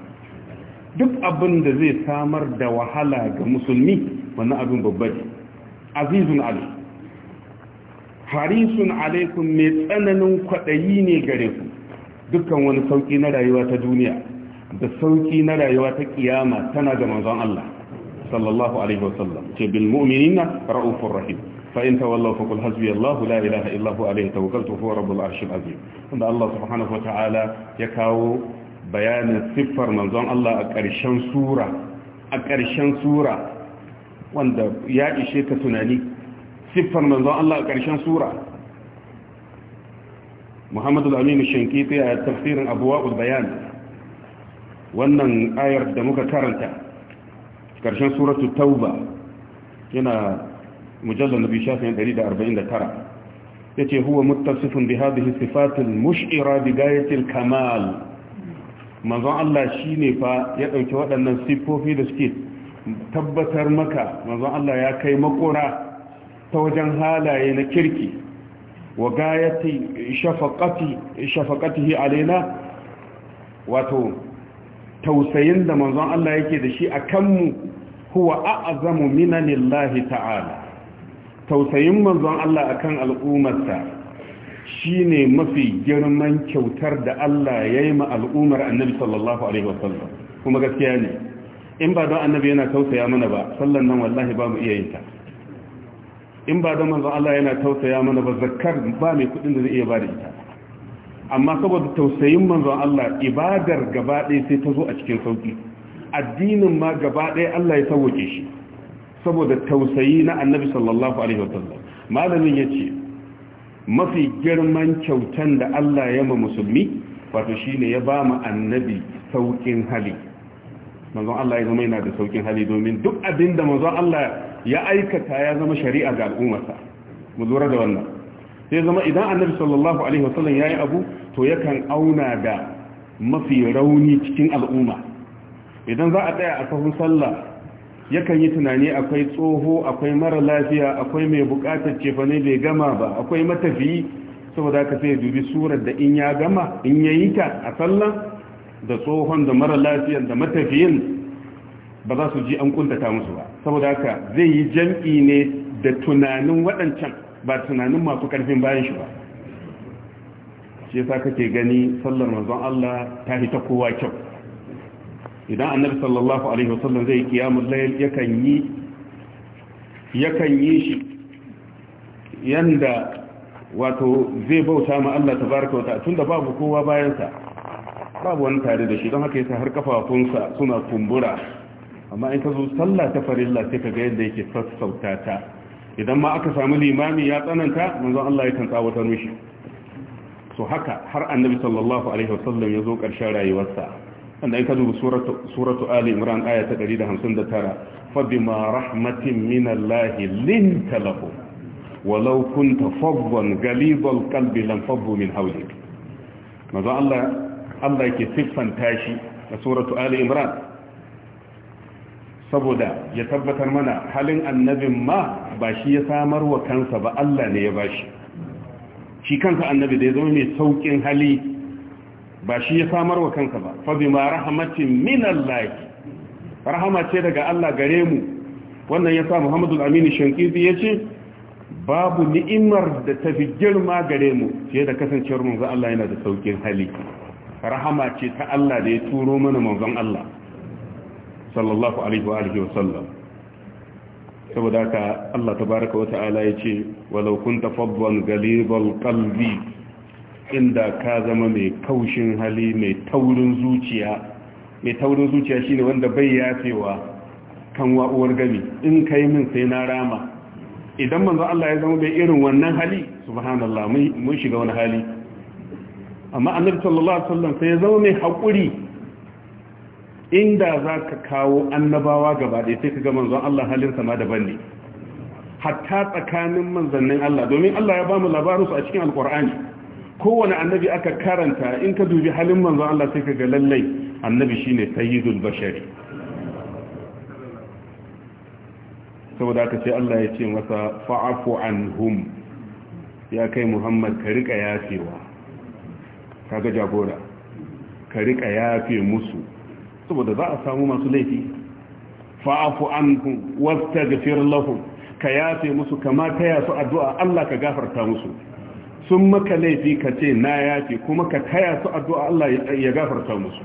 duk abin da zai samar da wahala ga musulmi wannan abin babba ne azizun Ali. harisun alaikun mai tsananin kwaɗayi ne gare ku dukkan wani sauƙi na rayuwa ta duniya da sauki na rayuwa ta kiyama tana ga manzon Allah sallallahu alaihi wasallam ce bil mu'minina ra'ufur rahim fa in tawallaw faqul hasbiyallahu la ilaha illa huwa alayhi tawakkaltu huwa rabbul arshil azim wanda Allah subhanahu wataala ya kawo bayanin siffar manzon Allah a ƙarshen sura a ƙarshen sura wanda ya ishe ka tunani siffar manzon Allah a ƙarshen sura Muhammadu Aminu Shankiti a tafsirin Abuwa'ul Bayan wannan ayar da muka karanta ƙarshen suratu tauba yana mujallar nabi shafin 149 ya ce huwa muttasifin bi hadhihi sifatil mush'ira bi gayatil kamal manzon Allah shine fa ya ɗauki waɗannan siffofi da suke tabbatar maka manzon Allah ya kai makora ta wajen halaye na kirki wa gayati shafaqati shafaqatihi alaina wato tausayin da manzon Allah yake da shi a kanmu huwa a'azamu minanillahi ta'ala tausayin manzon Allah akan al'ummarsa shine mafi girman kyautar da Allah ya yi ma al'ummar annabi sallallahu alaihi wasallam kuma gaskiya ne in ba don annabi yana tausaya mana ba sallan nan wallahi ba mu iya yin ta in ba don manzon Allah yana tausaya mana ba zakkar ba mai kuɗin da zai iya ba da ita amma saboda tausayin manzon Allah ibadar gaba ɗaya sai ta zo a cikin sauki addinin ma gaba ɗaya Allah ya sauke shi saboda tausayi na annabi sallallahu alaihi wasallam malamin ya ce mafi girman kyautan da Allah ya ma musulmi wato shi ne ya ba mu annabi sauƙin hali manzon Allah ya zama yana da sauƙin hali domin duk abin da manzon Allah ya aikata ya zama shari'a ga al'ummarsa mu lura da wannan sai zama idan annabi sallallahu alaihi wasallam yayi abu to yakan auna da mafi rauni cikin al'umma idan za a tsaya a sahun sallah yakan yi tunani akwai tsoho akwai mara lafiya akwai mai bukatar cefane bai gama ba akwai matafiyi saboda ka sai dubi surar da in ya gama in ya yi ta a sallan da tsohon da mara lafiyan da matafiyin ba za su ji an kuntata musu ba saboda haka zai yi jam'i ne da tunanin waɗancan ba tunanin masu ƙarfin bayan shi ba shi yasa kake gani sallar manzon Allah ta hita kowa kyau idan annabi sallallahu alaihi wasallam zai kiyamul layl yakan yi yakan yi shi yanda wato zai bauta ma Allah tabaraka wa ta'ala tunda babu kowa bayan sa babu wani tare da shi don haka yasa har kafafunsa suna kumbura amma in ka zo sallah ta farilla sai ka ga yadda yake sassauta ta idan ma aka samu limami ya tsananta manzon Allah ya kan ta mishi so haka har annabi sallallahu alaihi wasallam ya zo ƙarshen rayuwarsa wanda in ka duba suratu ali imran aya ta 159 fa bima rahmatin min allah linta lahu walau kunta faddan galibal qalbi lam faddu min hawlik maza Allah Allah yake siffanta shi a suratu ali imran saboda ya tabbatar mana halin annabin ma ba shi ya samar wa kansa ba Allah ne ya bashi shi kanka annabi da ya zama mai saukin hali ba shi ya samar wa kansa ba fa bima rahamacin minan Allah rahama ce daga Allah gare mu wannan yasa Muhammadu Aminu Shankizi ce. babu ni'imar da ta fi girma gare mu fiye da kasancewar manzon Allah yana da saukin hali rahama ce ta Allah da ya turo mana manzon Allah sallallahu alaihi wa alihi wa sallam saboda haka Allah tabaraka wa ta'ala yace walau kunta fadwan galibal qalbi inda ka zama mai kaushin hali mai taurin zuciya mai taurin zuciya shine wanda bai yafewa kan wa'uwar gami in kai min sai na rama idan manzo Allah ya zama bai irin wannan hali subhanallah mun shiga wani hali amma annabi sallallahu alaihi wasallam sai ya zama mai hakuri inda za ka kawo annabawa gaba ɗaya sai ka ga manzon Allah halin sama daban ne hatta tsakanin manzannin Allah domin Allah ya ba mu labarinsu a cikin alkur'ani kowane annabi aka karanta in ka dubi halin manzon Allah sai ka ga lallai annabi shine sayyidul bashari saboda aka ce Allah ya ce masa fa'afu anhum ya kai Muhammad ka rika yafewa kaga jagora ka rika yafe musu saboda za a samu masu laifi fa'afu anhum wastaghfir lahum ka yafe musu kama taya su addu'a Allah ka gafarta musu sun maka laifi ka ce na yafe kuma ka kaya su addu'a Allah ya gafarta musu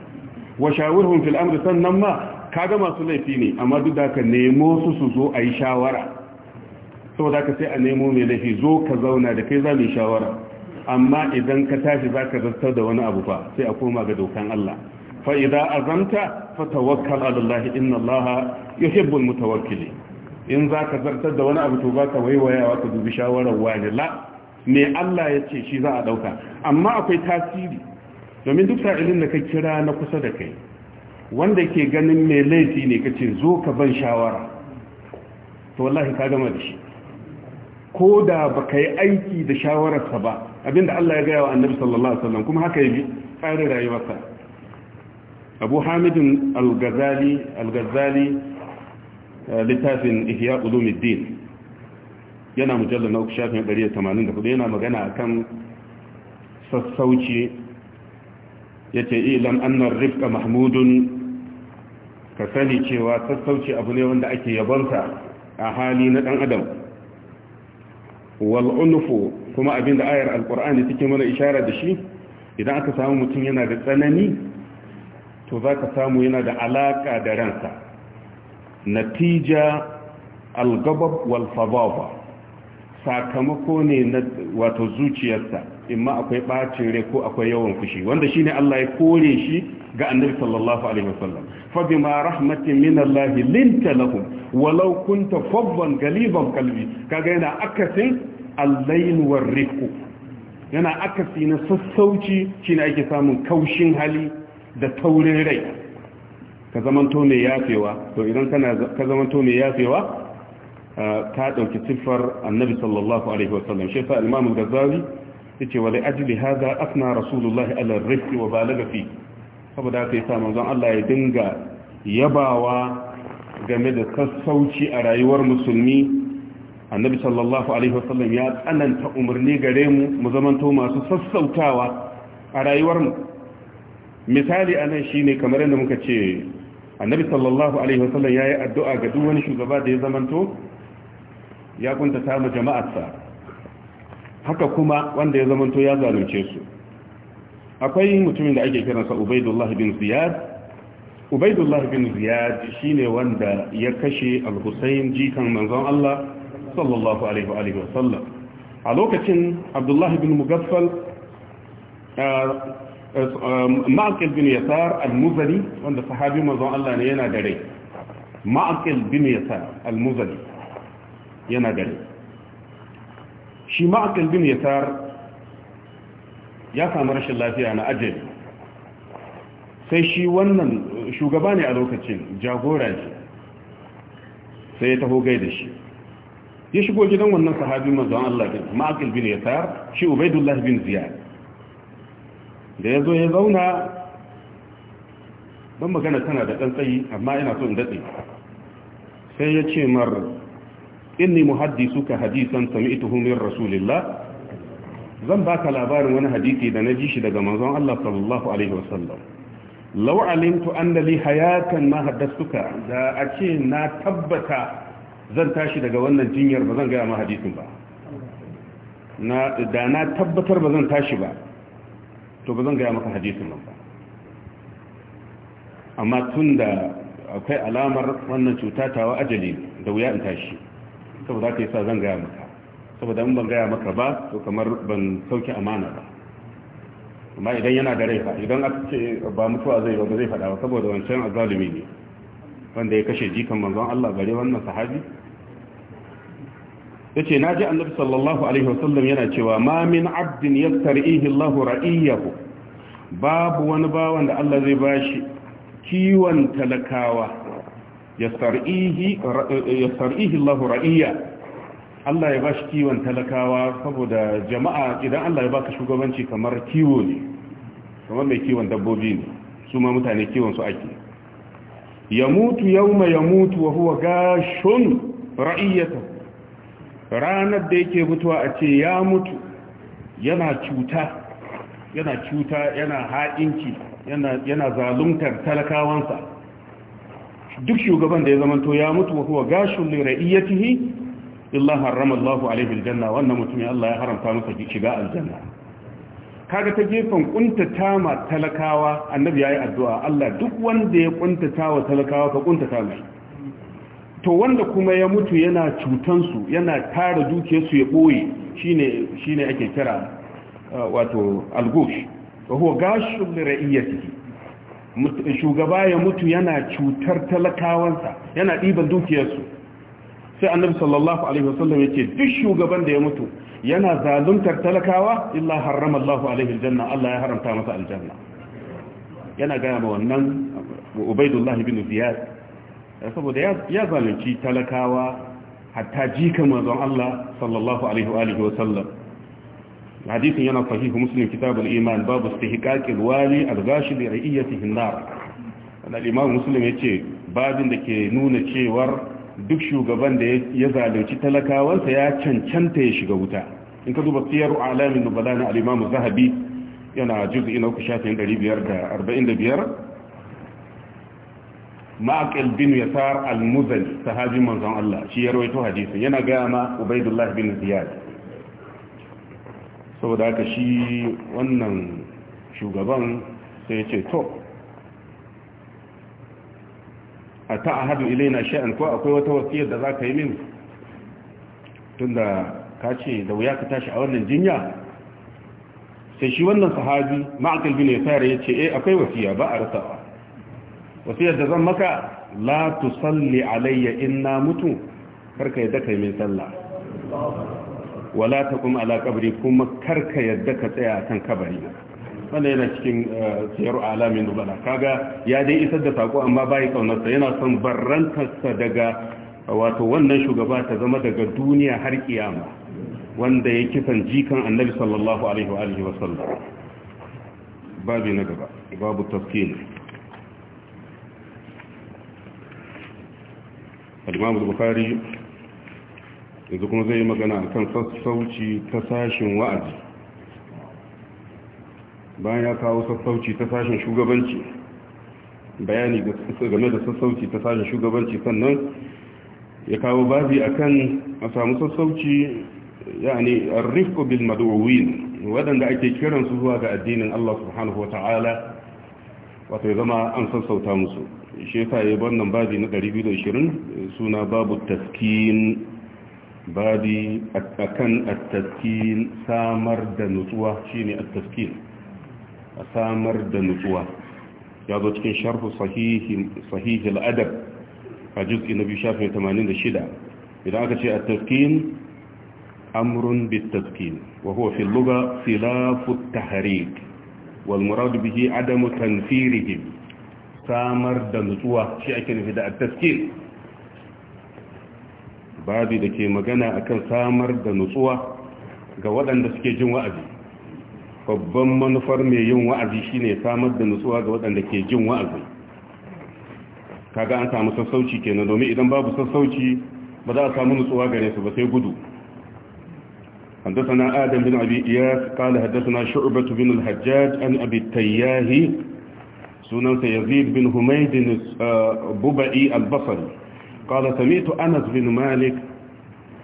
wa shawirhum fil amri sannan ma kaga masu laifi ne amma duk da ka nemo su su zo a yi shawara saboda ka sai a nemo mai laifi zo ka zauna da kai za mu yi shawara amma idan ka tashi za ka zartar da wani abu fa sai a koma ga dokan Allah fa azanta azamta fatawakkal ala Allah inna Allah yuhibbul mutawakkilin in zaka zartar da wani abu to baka waiwayawa ka dubi shawarar wani la me Allah ya ce shi za a ɗauka amma akwai tasiri domin duk sa'ilin da ka kira na kusa da kai wanda ke ganin mai laifi ne kace zo ka ban shawara to wallahi ka gama da shi ko da ba ka yi aiki da shawararsa ba abinda Allah ya gaya wa annabi sallallahu alaihi wasallam kuma haka yi tsarin rayuwarsa abu hamidin al-gazali eh, littafin ihya ulumuddin yana mujallar na uku shafin 184 yana magana akan sassauci yace ilan annar rifqa mahmudun ka sani cewa sassauci abu ne wanda ake yabonsa a hali na dan adam wal unfu kuma abinda ayar alqur'ani take mana ishara da shi idan aka samu mutum yana da tsanani to za ka samu yana da alaƙa da ransa natija algabab walfababa sakamako ne na wato zuciyarsa imma akwai ɓacin rai ko akwai yawan fushi wanda shine Allah ya kore shi ga annabi sallallahu alaihi wasallam fa bima rahmatin min Allah linta lahum walau kunta fabban galiban kalbi kaga yana akasin al-layl war yana akasi na sassauci shine ake samun kaushin hali da taurin rai ka zamanto mai yafewa to idan ka zamanto mai yafewa ka ɗauki siffar annabi sallallahu alaihi wasallam shi sa al-imam al-ghazali yace wa ajli hadha rasulullahi wa balaga fi saboda yi yasa manzon Allah ya dinga yabawa game da sassauci a rayuwar musulmi annabi sallallahu alaihi wasallam ya tsananta umarni gare mu mu zamanto masu sassautawa a rayuwar misali a nan shine kamar yadda muka ce annabi sallallahu alaihi wasallam ya yi addu'a ga duk wani shugaba da ya zamanto ya kunta ma jama'arsa haka kuma wanda ya zamanto ya zalunce su akwai mutumin da ake kiransa ubaidullah bin ziyad ubaidullah bin ziyad shine wanda ya kashe al jikan manzon Allah sallallahu alaihi wa wasallam a lokacin abdullah bin mugaffal ah, ma'aqil um, bin yasar al-muzali wanda sahabi manzon Allah ne yana da rai ma'aqil bin yasar al-muzali yana da rai shi ma'aqil bin yasar ya samu rashin lafiya na ajali sai shi wannan shugaba ne a lokacin jagora ce sai ya taho gai da shi ya shigo gidan wannan sahabi manzon Allah ne ma'aqil bin yasar shi ubaidullah bin ziyad da ya zo ya zauna don magana tana da ɗan amma ina so in daɗe sai ya ce mar inni muhaddisuka hadisan sami'tuhu min rasulillah zan baka labarin wani hadisi da na ji shi daga manzon Allah sallallahu alaihi wasallam law alimtu anna li hayatan ma haddastuka da a ce na tabbata zan tashi daga wannan jinyar ba zan ga ma hadisin ba na da na tabbatar ba zan tashi ba to ba zan gaya maka hadisin nan ba amma tun da akwai alamar wannan cuta wa ajali da wuya in tashi saboda ka yasa zan gaya maka saboda in ban gaya maka ba to kamar ban sauki amana ba amma idan yana da rai fa idan aka ce ba mutuwa zai ba zai faɗa ba saboda wancan azalumi ne wanda ya kashe jikan manzon Allah bare wannan sahabi ya ce na ji annabi sallallahu alaihi wasallam yana cewa ma min abdin yastarihi Allahu ra'iyahu babu wani bawan da Allah zai bashi kiwon talakawa yastarihi yastarihi Allahu ra'iya Allah ya bashi kiwon talakawa saboda jama'a idan Allah ya baka shugabanci kamar kiwo ne kamar mai kiwon dabbobi ne su ma mutane kiwon su ake ya mutu yauma ya mutu wa huwa gashun ra'iyata ranar da yake mutuwa a ce ya mutu yana cuta yana cuta yana yana zaluntar talakawansa duk shugaban da ya zamanto ya mutu wa kuwa gashin lira'iyyatihi illa harrama Allahu alaihi janna wannan mutumin Allah ya haramta masa shiga aljanna kaga ta gefen kuntata ma talakawa annabi ya yi addu'a Allah duk wanda ya kuntata wa talakawa ka kuntata mai to wanda kuma ya mutu yana cutansu yana tara dukiyarsu ya ɓoye shi ne ake kira uh, wato algush wahuwa gashin ra'iyyarsu shugaba ya mutu yana cutar talakawansa yana ɗiban dukiyarsu sai annabi sallallahu alaihi wasallam ce duk shugaban da ya mutu yana zaluntar talakawa illa harrama Allah alaihi aljanna Allah ya haramta masa aljanna yana gaya ma wannan ubaidullahi ibn Ziyad saboda ya zalunci talakawa hatta jika manzon Allah sallallahu alaihi wa alihi wa sallam hadisin yana sahihu muslim kitabul iman babu istihqaqil wali al-ghashid ra'iyatihi an-nar al-imam muslim yace babin da ke nuna cewar duk shugaban da ya zalunci talakawansa ya cancanta ya shiga wuta in ka duba siyaru alamin nubala na al-imam zahabi yana juz'i na 3545 ma'aqil bin yasar al-muzani sahabi manzon Allah shi ya rawaito hadisin yana ga ma ubaidullah bin ziyad saboda aka shi wannan shugaban sai ya ce to a hadu ilaina sha'an ko akwai wata wasiyar da za ka yi min tunda ka ce da wuya ka tashi a wannan jinya sai shi wannan sahabi ma'aqil bin yasar ya ce eh akwai wasiya ba a rasawa wasiyar da zan maka la tusalli alayya inna mutu karka yadda kai min sallah wala taqum ala qabri kuma karka yadda ka tsaya kan kabari wannan yana cikin eh, siyar alamin nubala kaga ya dai isar da sako amma bai kaunarsa yana son barrantarsa daga wato wannan shugaba ta zama daga duniya har kiyama wanda ya kisan jikan annabi sallallahu alaihi wa alihi wa sallam babu na gaba babu tafsir al-imam al-bukhari yanzu kuma zai yi magana akan sassauci ta sashin wa'azi bayan ya kawo sassauci ta sashin shugabanci bayani game da sassauci ta sashin shugabanci sannan ya kawo babi akan a samu sassauci yani arrifku bil mad'uwin wadanda ake kiransu zuwa ga addinin Allah subhanahu wata'ala wato ya zama an sassauta musu shi ya yi yayi wannan badi na 220 suna babu taskin badi akan at-taskin samar da nutsuwa shine at-taskin a samar da nutsuwa ya zo cikin sharhu sahihi sahihi a juz'i na biyu shafin 86 idan aka ce a taskin amrun bit-taskin wa huwa fi al-lugha silafu at-tahrik wal muradu bihi adamu tanfirihim samar da nutsuwa shi ake nufi da at-taskin babu da ke magana akan samar da nutsuwa ga waɗanda suke jin wa'azi babban manufar mai yin wa'azi shine samar da nutsuwa ga waɗanda ke jin wa'azi kaga an samu sassauci kenan domin idan babu sassauci ba za a samu nutsuwa gare su ba sai gudu حدثنا آدم بن أبي إياس قال حدثنا شعبة بن الحجاج عن أبي التياه سنن يزيد بن حميد آه، ببعي البصري قال سمعت أنس بن مالك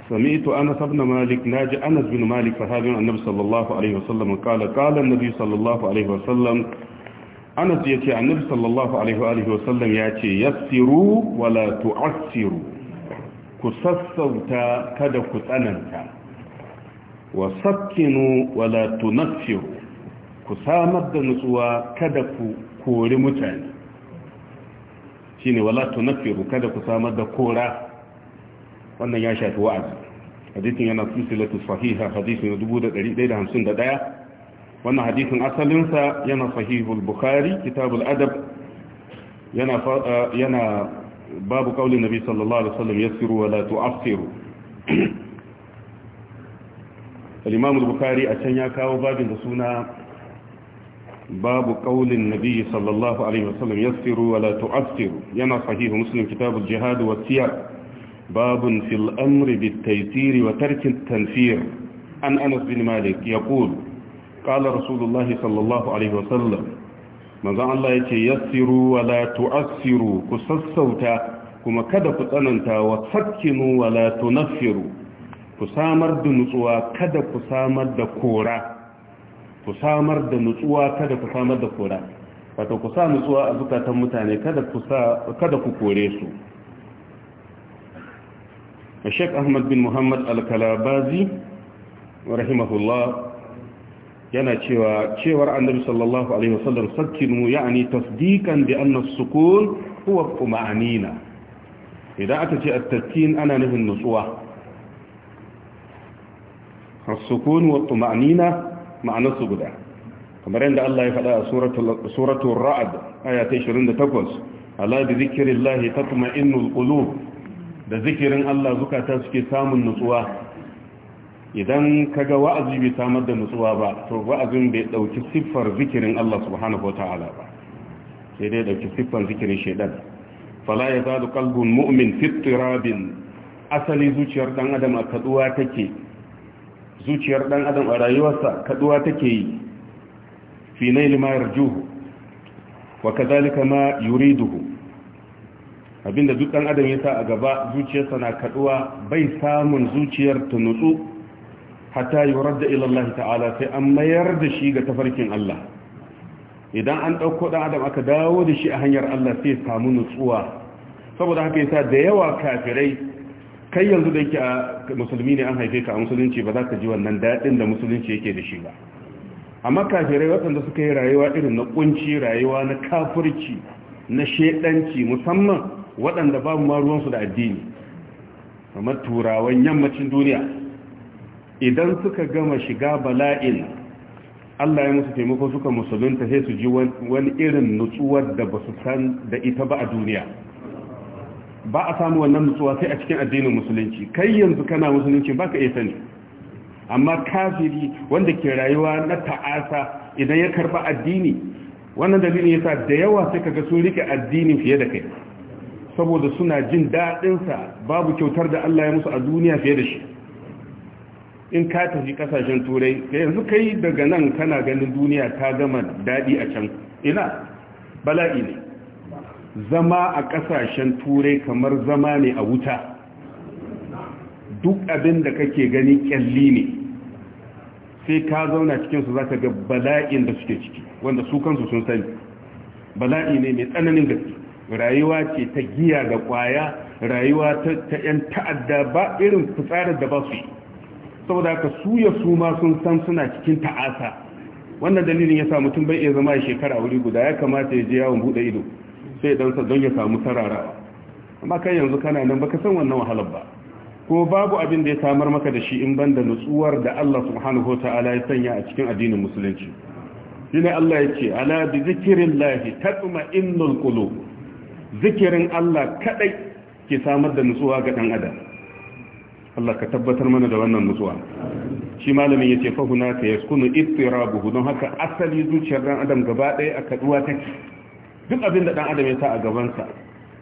سمعت أنس بن مالك ناجي أنس بن مالك عن النبي صلى الله عليه وسلم قال قال النبي صلى الله عليه وسلم أنس يتي عن النبي صلى الله عليه وآله وسلم يأتي يسروا ولا تعسروا كسسوتا كدف كسأننتا wa sakkinu wala tunaffiru ku samar da nutsuwa kada ku kori mutane shine wala tunaffiru kada ku samar da kora wannan ya shafi wa'azi hadisin yana silsilatu sahiha hadisin 1151 wannan hadisin asalinsa yana sahihul bukhari kitabul adab yana yana babu kaulin nabi sallallahu alaihi wasallam yassiru wala tu'assiru al-imam bukhari a can ya kawo babin da suna babu ƙaunin nabi sallallahu alaihi wasallam yassiru wala tu'assiru yana sahihu musulun kitab al-jihad wa siyar babun fil amri bit wa tarkin at an anas bin malik yaqul qala rasulullah sallallahu alaihi wasallam manzon Allah yace yassiru wala tu'asiru ku sassauta kuma kada ku tsananta wa sakkinu wala tunaffiru ku samar da nutsuwa kada ku samar da kora ku samar da nutsuwa kada ku samar da kora wato ku sa nutsuwa a zukatan mutane kada ku kore su Sheikh Ahmad bin Muhammad Al-Kalabazi rahimahullah yana cewa cewar Annabi sallallahu alaihi wasallam sakkinu yani tasdikan bi anna as-sukun huwa quma'anina idan aka ce at tattin ana nufin nutsuwa as-sukun wa tuma'nina ma'anar su guda kamar yadda Allah ya faɗa a suratul ra'ad aya ta 28 ala bi zikrillahi tatma'innul qulub da zikirin Allah zukata suke samun nutsuwa idan ga wa'azi bai samar da nutsuwa ba to wa'azin bai dauki siffar zikirin Allah subhanahu wataala ba sai dai dauki siffar zikirin shaidan fala yazalu qalbun mu'min fi asali zuciyar ɗan adam a kaduwa take zuciyar dan adam a rayuwarsa kaduwa take yi fi nail ma yarjuhu wa kadhalika ma yuriduhu abinda duk dan adam ya sa a gaba zuciyarsa na kaduwa bai samun zuciyar ta nutsu hatta yuradda ila Allah ta'ala sai an mayar da shi ga tafarkin Allah idan an dauko dan adam aka dawo da shi a hanyar Allah sai samu nutsuwa saboda haka yasa da yawa kafirai kai yanzu da yake a musulmi ne an haife ka a musulunci ba za ka ji wannan daɗin da musulunci yake da shi ba amma kafirai waɗanda suka yi rayuwa irin na kunci rayuwa na kafirci na shaɗanci musamman waɗanda babu ma ruwansu da addini kamar turawan yammacin duniya idan suka gama shiga bala'in Allah ya musu taimako suka musulunta sai su ji wani irin nutsuwar da ba su san da ita ba a duniya ba a samu wannan nutsuwa sai a cikin addinin musulunci kai yanzu kana musulunci baka iya sani amma kafiri wanda ke rayuwa na ta'asa idan ya karba addini wannan dalilin yasa da yawa sai ga sun rike addini fiye da kai saboda suna jin daɗinsa babu kyautar da Allah ya musu a duniya fiye da shi in ka tafi kasashen turai yanzu kai daga nan kana ganin duniya ta gama daɗi a can ina bala'i ne zama a ƙasashen turai kamar zama ne a wuta duk abin da kake gani kyalli ne sai ka zauna cikinsu za ka ga bala'in da suke ciki wanda su kansu sun sani bala'i ne mai tsananin gaske rayuwa ce ta giya da kwaya rayuwa ta 'yan ta'adda ba irin fitsarar da ba su yi saboda haka su ya su ma sun san suna cikin ta'asa wannan dalilin ya sa mutum bai iya zama shekara wuri guda ya kamata ya je yawon buɗe ido sai dan don ya samu sarara amma kai yanzu kana nan baka san wannan wahalar ba ko babu abin da ya samar maka da shi in banda nutsuwar da Allah subhanahu wataala ya sanya a cikin addinin musulunci shine Allah yake ala bi zikrillahi tatma'innul qulub zikirin Allah kadai ke samar da nutsuwa ga dan adam Allah ka tabbatar mana da wannan nutsuwa shi malamin yace fa hunaka yaskunu ittirabu don haka asali zuciyar dan adam gaba ɗaya a kaduwa take duk abin da dan adam ya sa a gabansa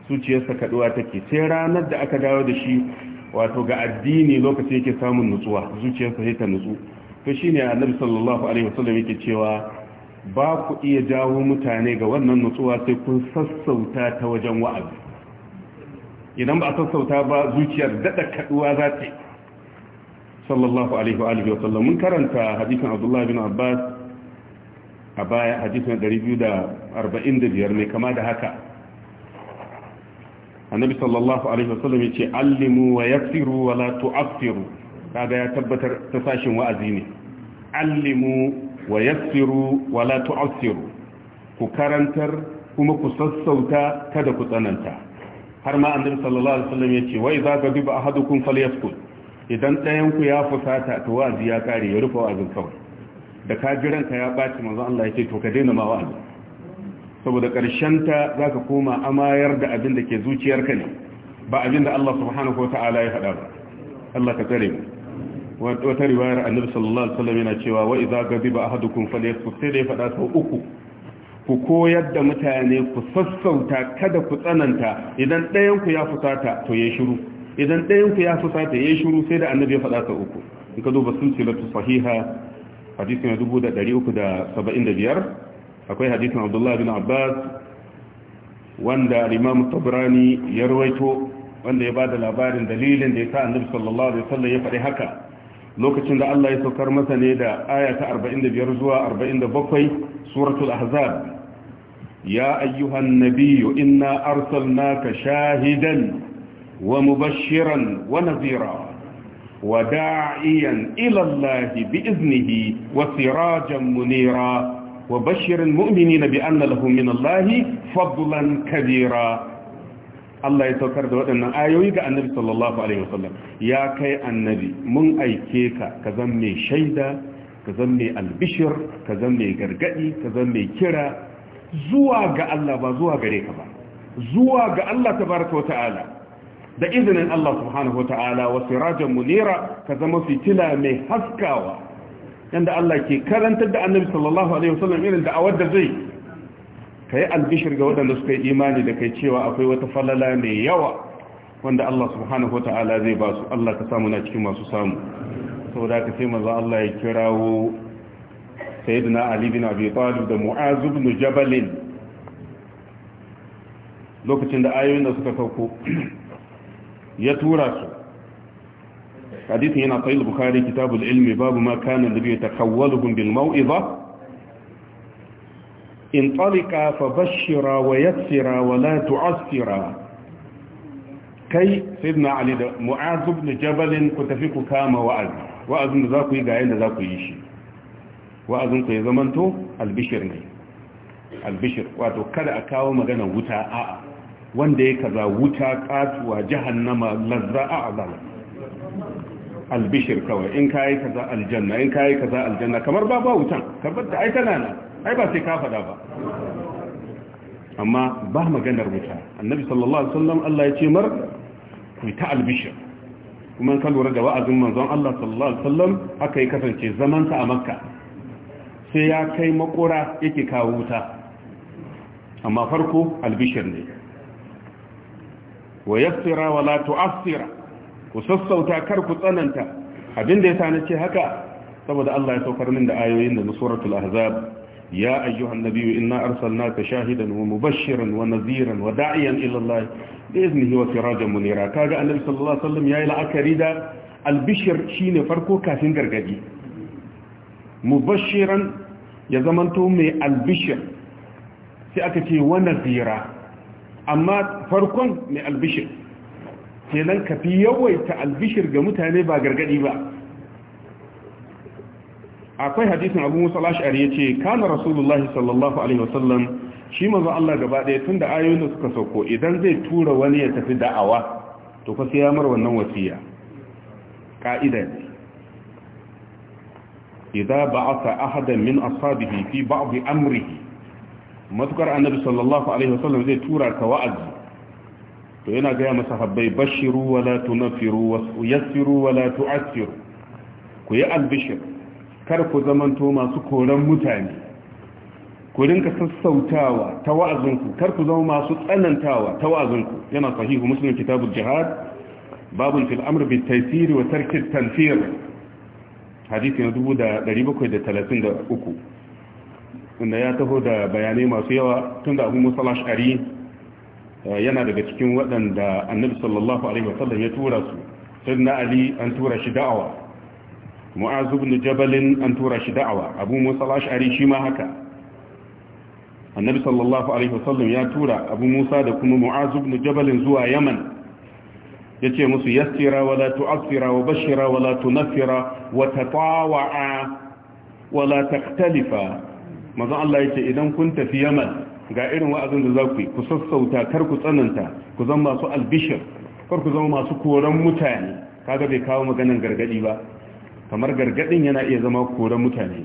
zuciyarsa kaduwa take sai ranar da aka dawo da shi wato ga addini lokacin yake samun nutsuwa zuciyarsa sai ta nutsu to shine annabi sallallahu alaihi wasallam yake cewa ba ku iya jawo mutane ga wannan nutsuwa sai kun sassauta ta wajen wa'azi idan ba a sassauta ba zuciyar dada kaduwa za ta sallallahu alaihi wa alihi mun karanta hadisin Abdullah bin Abbas a baya hadisun 245 mai kama da haka annabi sallallahu alaihi wasallam ya ce allimu wa yaksiru wa la tu'affiru kaga ya tabbatar ta sashin wa'azi ne allimu wa yaksiru wa la tu'affiru ku karantar kuma ku sassauta kada ku tsananta har ma annabi sallallahu alaihi wasallam ya ce wa idza ghadiba ahadukum falyaskut idan ɗayan ku ya fusata to wa'azi ya kare ya rufe wa'azin kawai da ka ji ranka ya ɓaci manzo Allah ya ce to ka daina ma wa'azi saboda ƙarshen ta za ka koma amayar da abin da ke zuciyarka ne ba abin da Allah subhanahu wa ta'ala ya faɗa ba Allah ka tsare mu wata riwayar annabi sallallahu alaihi wasallam yana cewa wa idza gadiba ahadukum falyasfu sai dai faɗa sau uku ku koyar da mutane ku sassauta kada ku tsananta idan ɗayan ku ya fusata to ya shiru idan ɗayan ku ya fusata ya shiru sai da annabi ya faɗa sau uku in ka duba silsilatu sahiha hadisi na 375 akwai hadisin abdullahi bin abbas wanda limamu tabirani ya ruwaito wanda ya da labarin dalilin da ya sa annabi sallallahu alaihi wasallam ya faɗi haka lokacin da Allah ya saukar masa ne da aya ta 45 zuwa 47 suratul ahzab ya ayyuhan nabiyyu inna arsalnaka shahidan wa mubashiran wa nadhira وداعيا إلى الله بإذنه وسراجا منيرا وبشر المؤمنين بأن لهم من الله فضلا كبيرا Allah ya saukar da waɗannan ayoyi ga annabi sallallahu alaihi wasallam ya kai annabi mun aike ka ka zan mai shaida ka zan mai albishir ka zan mai gargadi ka zan mai kira zuwa ga Allah ba zuwa gare ka ba zuwa ga Allah tabaraka wa ta'ala da izinin Allah subhanahu wata'ala wa sirajan munira ka zama fitila mai haskawa yadda Allah ke karantar da annabi sallallahu alaihi wasallam irin da'awar da zai kai albishir ga waɗanda suka yi imani da kai cewa akwai wata falala mai yawa wanda Allah subhanahu wata'ala zai ba su Allah ka samu na cikin masu samu saboda ka sai manzo Allah ya kirawo sayyidina Ali bin Abi Talib da Mu'az ibn Jabal lokacin da ayoyin da suka sauko ya tura su hadisin yana sahih bukhari kitabul ilmi babu ma kana nabi yatakawwaluhum bil mau'iza in talika fabashshira wa yassira wa la tu'assira kai sayyidina ali da mu'az ibn jabal ku tafi ku kama wa'az wa'azin da za ku yi ga yanda za ku yi shi wa'azin ku ya zamanto albishir ne albishir wato kada a kawo magana wuta a'a wanda ya kaza wuta katuwa jahannama lazza a azala albishir kawai in kayi kaza aljanna in ka kayi kaza aljanna kamar ba ba wutan kamar da ai tana nan ai ba sai ka faɗa ba amma ba maganar wuta annabi sallallahu alaihi wasallam Allah ya ce mar ku ta albishir kuma kan lura da wa'azin manzon Allah sallallahu alaihi wasallam aka yi kasance zaman sa a makka sai ya kai makora yake kawo wuta amma farko albishir ne wa yassira wa la tu'assira ku sassauta kar ku tsananta abinda yasa nace haka saboda Allah ya saukar min da ayoyin da suratul ahzab ya ayyuhan nabiyyu inna arsalnaka shahidan wa mubashiran wa nadhiran wa da'iyan ila Allah bi iznihi wa sirajan munira kaga annabi sallallahu alaihi wasallam yayi la'akari da albishir shine farko kafin gargadi mubashiran ya zamanto mai albishir sai aka ce wa nadhira amma farkon mai albishir kenan ka fi yawaita albishir ga mutane ba gargadi ba akwai hadisin abu musa lashari ya ce kana rasulullahi sallallahu alaihi wasallam shi manzo Allah gaba ɗaya tun da ayoyin da suka sauko idan zai tura wani ya tafi da'awa to fa sai ya mar wannan wasiya ka'ida ne idza ba'atha ahadan min ashabihi fi ba'd amrihi matukar annabi sallallahu alaihi wasallam zai tura ka wa'azi to yana gaya masa habbai bashiru wala tunfiru wayassiru wala tu'assiru ku yi albishir kar ku zamanto masu koran mutane ku rinka sassautawa ta wa'azinku kar ku zama masu tsanantawa ta wa'azinku yana sahihu muslim kitabul jihad babun fil amr bit taysir wa tark at tanfir hadisi na 1733 wanda ya taho da bayanai masu yawa tun da abu musa lashari yana daga cikin waɗanda annabi sallallahu alaihi wasallam ya tura su sai na ali an tura shi da'awa mu'azu ibn jabalin an tura shi da'awa abu musa lashari shi ma haka annabi sallallahu alaihi wasallam ya tura abu musa da kuma mu'azu ibn jabalin zuwa yaman yace musu yassira wala tu'assira wa bashira wala tunaffira wa tatawa'a wala taktalifa manzo Allah yake idan kun tafi Yaman ga irin wa'azin da za ku yi ku sassauta kar ku tsananta ku zama masu albishir kar ku zama masu koran mutane kaga bai kawo maganar gargadi ba kamar gargadin yana iya zama koran mutane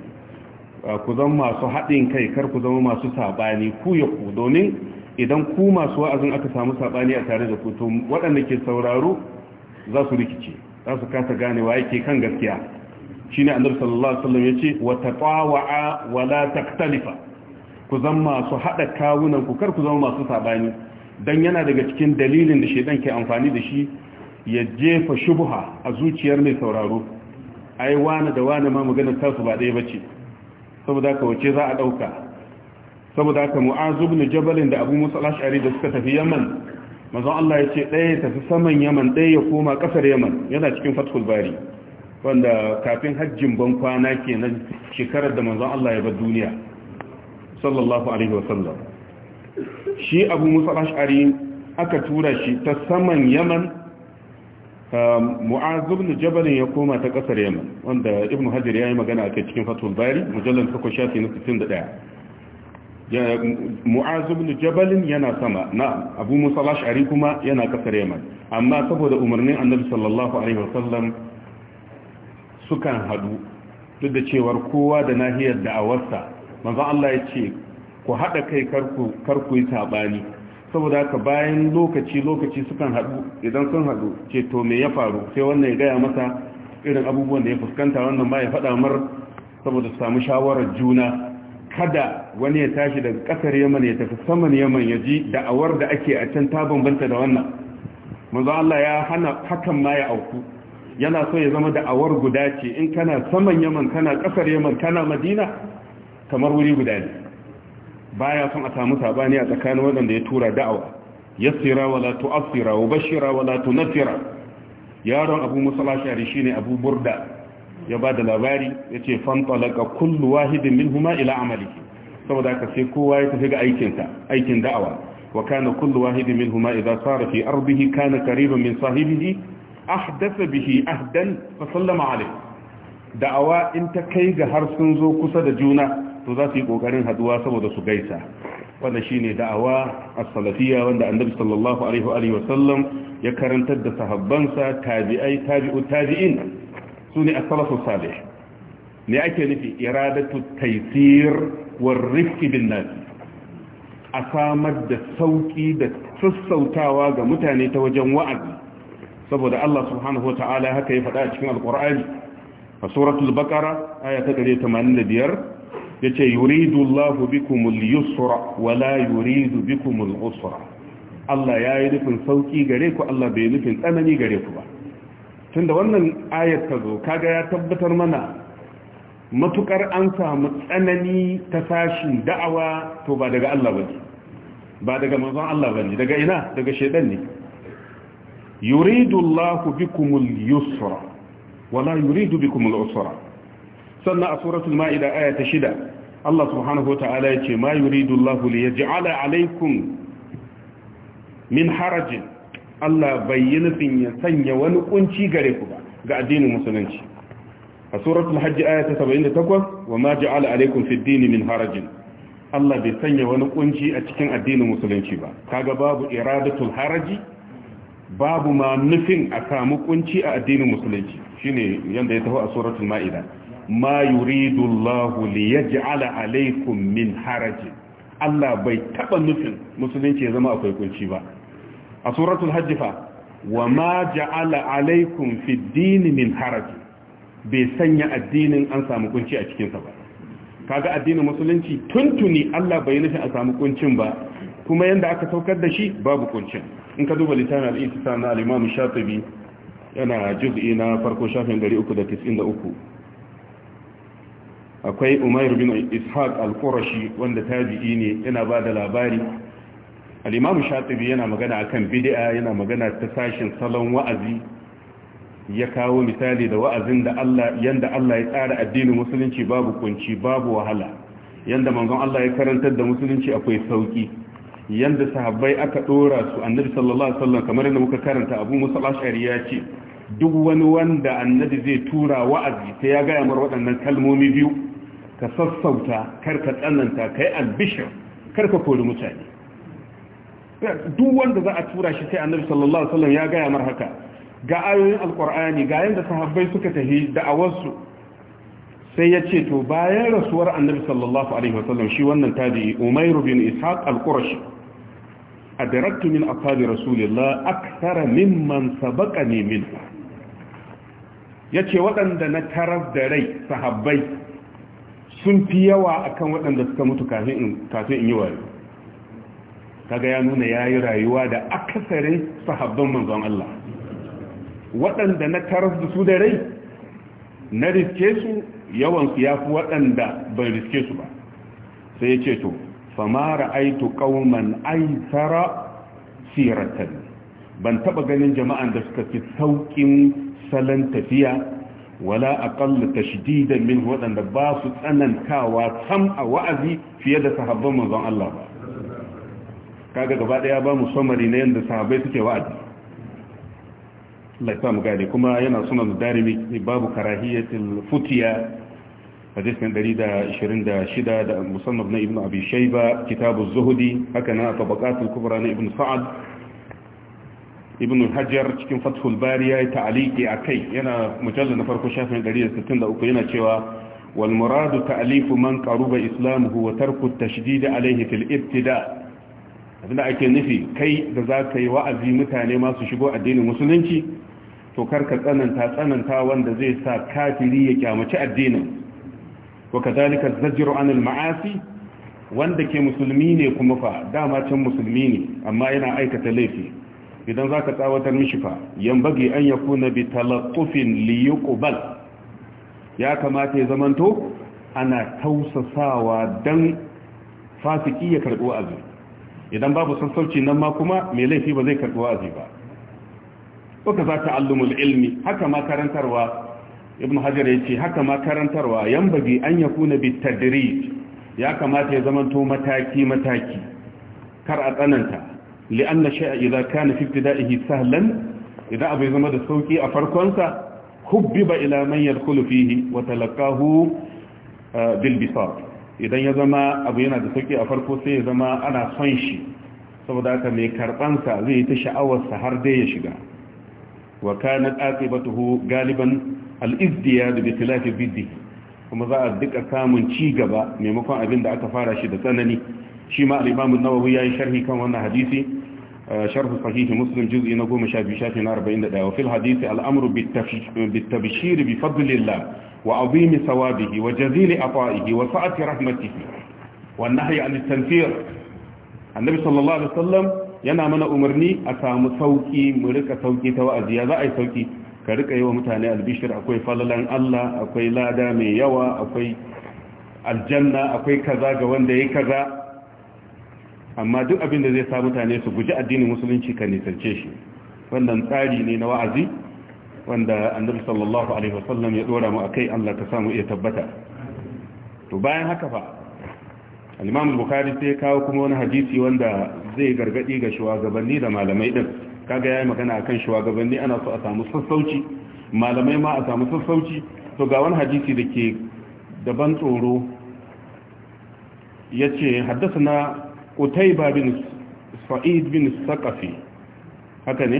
ku zama masu haɗin kai kar ku zama masu sabani ku ya ku domin idan ku masu wa'azin aka samu sabani a tare da ku waɗanda ke sauraro za su rikice za su kasa ganewa yake kan gaskiya ne annabi sallallahu alaihi wasallam yace wa taqawa'a wa la taktalifa ku zama masu hada kawunan ku kar ku zama masu sabani dan yana daga cikin dalilin da shedan ke amfani da shi ya jefa shubha a zuciyar mai sauraro ai wani da wani ma maganar tasu ba ɗaya bace saboda haka wace za a dauka saboda haka mu'az ibn jabal da abu musa al-ash'ari da suka tafi yaman manzon Allah yace ɗaya tafi saman yaman ɗaya ya koma kasar yaman yana cikin fathul bari wanda kafin hajjin ban kwana ke kenan shekarar da manzon Allah ya bar duniya sallallahu alaihi wasallam shi abu musa ash'ari aka tura shi ta saman yaman uh, mu'az ibn jabal ya koma ta kasar yaman wanda ibn hajar yi magana a cikin fatul bari mujallal 8 shafi na 61 mu'az ibn jabal yana sama na abu musa ash'ari kuma yana kasar yaman amma saboda umarnin annabi sallallahu alaihi wasallam sukan hadu duk da cewar kowa da nahiyar da'awarsa manzo Allah ya ce ku hada kai karku karku yi sabani saboda haka bayan lokaci lokaci sukan hadu idan sun hadu ce to me ya faru sai wannan ya gaya masa irin abubuwan da ya fuskanta wannan ba ya faɗa mar saboda su samu shawarar juna kada wani ya tashi daga kasar yaman ya tafi saman yaman ya ji da'awar da ake a can ta bambanta da wannan manzo Allah ya hana hakan ma ya auku yana so ya zama da'awar guda ce in kana saman yaman kana kasar yaman kana madina kamar wuri guda ne ya son a samu sabani a tsakanin waɗanda ya tura da'awa tsira wala tu'assira wa bashira wala tunfira yaron abu musala shari shine abu burda ya ba da labari yace fantalaka kullu wahidin minhuma ila amaliki. saboda ka sai kowa ya tafi ga aikinsa aikin da'awa wa kana kullu wahidin minhuma idza sara fi ardihi kana qariban min sahibihi ahdasa bihi ahdan fa sallama alai da'awa in ta kai ga har sun zo kusa da juna to za su yi kokarin haduwa saboda su gaisa wanda shine da'awa as-salafiyya wanda annabi sallallahu alaihi wa alihi sallam ya karantar da sahabbansa tabi'ai tabi'u tabi'in sune as-salafu salih ne ake nufi iradatu taysir war rifq bin nas a samar da sauki da sassautawa ga mutane ta wajen wa'azi saboda Allah subhanahu wata'ala haka ya faɗa a cikin alkur'ani a suratul baqara aya ta 185 yace yuridu Allahu bikumul yusra wa la yuridu bikumul usra Allah ya yi nufin sauki gare ku Allah bai nufin tsanani gare ku ba tunda wannan ayat ta zo kaga ya tabbatar mana matukar an samu tsanani ta sashin da'awa to ba daga Allah bane ba daga manzon Allah bane daga ina daga shedan ne yuridu Allahu bikumul yusra wala yuridu bikumul usra sannan a suratul ma'ida aya ta shida Allah subhanahu wa ta'ala ya ce ma yuridu Allahu li yaj'ala alaykum min harajin Allah bai yi nufin ya sanya wani kunci gare ku ba ga addinin musulunci a suratul hajji aya ta 78 wa ma ja'ala alaykum fid din min harajin Allah bai sanya wani kunci a cikin addinin musulunci ba kaga babu iradatul haraji babu ma nufin a samu kunci a addinin musulunci shine yanda ya taho a suratul ma'ida ma yuridu Allahu li yaj'ala alaykum min haraj Allah bai taba nufin musulunci ya zama akwai kunci ba a suratul hajj fa wa ma ja'ala alaykum fi din min haraj bai sanya addinin an samu kunci a cikin sa ba kaga addinin musulunci tuntuni Allah bai nufin a samu kuncin ba kuma yanda aka saukar da shi babu kuncin in ka duba littafin al'itisa na al'imamu shatabi yana juz'i na farko shafin 393 akwai umar bin ishaq al-qurashi wanda tabi'i ne yana ba da labari al'imamu shatabi yana magana akan bid'a yana magana ta sashin salon wa'azi ya kawo misali da wa'azin da Allah yanda Allah ya tsara addinin musulunci babu kunci babu wahala yanda manzon Allah ya karantar da musulunci akwai sauki yanda sahabbai aka dora su annabi sallallahu alaihi wasallam kamar yadda muka karanta abu musa al ashari ya ce duk wani wanda annabi zai tura wa'azi sai ya gaya mar waɗannan kalmomi biyu ka sassauta kar ka tsananta kai albishir kar ka kori mutane duk wanda za a tura shi sai annabi sallallahu alaihi wasallam ya gaya mar haka ga ayoyin alqur'ani ga yanda sahabbai suka tafi da'awarsu sai ya ce to bayan rasuwar annabi sallallahu alaihi wasallam shi wannan tabi'i umairu bin ishaq al-qurashi adaraktu min ashabi rasulillah akthara mimman sabaqani min yace waɗanda na tarar da rai sahabbai sun fi yawa akan waɗanda suka mutu kafin in kafin in yi wayo kaga ya nuna yayi rayuwa da akasarin sahabban manzon Allah waɗanda na tarar da su da rai na riske su yawan su yafi waɗanda ban riske su ba sai ya ce to fama ra'aitu kauman aisara siratan ban taba ganin jama'an da suka fi saukin salon tafiya wala aqallu tashdidan min waɗanda ba su tsanantawa sam a wa'azi fiye da sahabban manzon Allah ba kaga gaba daya ba mu samari na yanda sahabbai suke wa'azi Allah ya mu gane kuma yana sunan darimi babu karahiyatul futiya hadisin 126 da musannaf na ibn abi shayba kitabu zuhudi haka na tabaqatul kubra na ibn sa'ad ibn hajar cikin fathul bari a kai yana mujallar na farko shafin 163 yana cewa wal muradu ta'alifu man qaruba islamuhu wa tarku tashdid alayhi fil ibtida abinda ake nufi kai da zaka yi wa'azi mutane masu shigo addinin musulunci to ka tsananta tsananta wanda zai sa kafiri ya kyamaci addinin Baka kadhalika zajru an maasi wanda ke musulmi ne kuma fa dama can musulmi ne amma yana aikata laifi idan zaka tsawatar mishi fa yambage an kuna bi talakufin liyukubal. ya kamata ya zamanto ana tausasawa dan fasiki ya karbi wa'azi idan babu sassauci nan ma kuma mai laifi ba zai karɓi wa'azi ba waka za ta allumul ilmi haka ma karantarwa ibn hajar ya ce haka ma karantarwa yan bagi an ya kuna bitadiri ya kamata ya zamanto mataki-mataki kar a tsananta li'anna sha'a idan kana fi ibtida'ihi sahlan idan abu ya zama da sauki a farkonsa ba ila man kulu fihi wa talaqahu eh, bil idan ya zama abu yana da sauki a farko sai ya zama ana son shi saboda haka mai karbansa zai yi ta sha'awarsa har dai ya shiga وكانت عاقبته غالبا الازدياد بخلاف الضد كما ذا الدك duka شي غبا ميمكن ابين دا aka fara shi da tsanani shi ma al-Imam an-Nawawi yayi sharhi kan wannan hadisi sharh sahih Muslim juz'i na 12 shafi 41 wa fil hadisi al-amru bit-tabshir bi fadlillah wa 'azim thawabihi wa jazil ata'ihi wa sa'ati rahmatihi wa an-nahy 'an at-tanfir annabi sallallahu alaihi wasallam yana mana umarni a samu sauki mu rika sauki ta wa'azi ya za a yi sauki ka rika yi wa mutane albishir akwai falalan Allah akwai lada mai yawa akwai aljanna akwai kaza ga wanda ya kaza amma duk abin da zai sa mutane su guji addinin musulunci ka nisance shi wannan tsari ne na wa'azi wanda annabi sallallahu alaihi wasallam ya dora mu akai Allah ka samu iya tabbata to bayan haka fa al-Imam bukhari sai kawo kuma wani hadisi wanda zai gargadi ga shugabanni da malamai din kaga yayi magana akan shugabanni ana so a samu sassauci malamai ma a samu sassauci to ga wani hadisi da ke daban tsoro yace haddathana Qutayba bin Sa'id bin Saqafi haka ne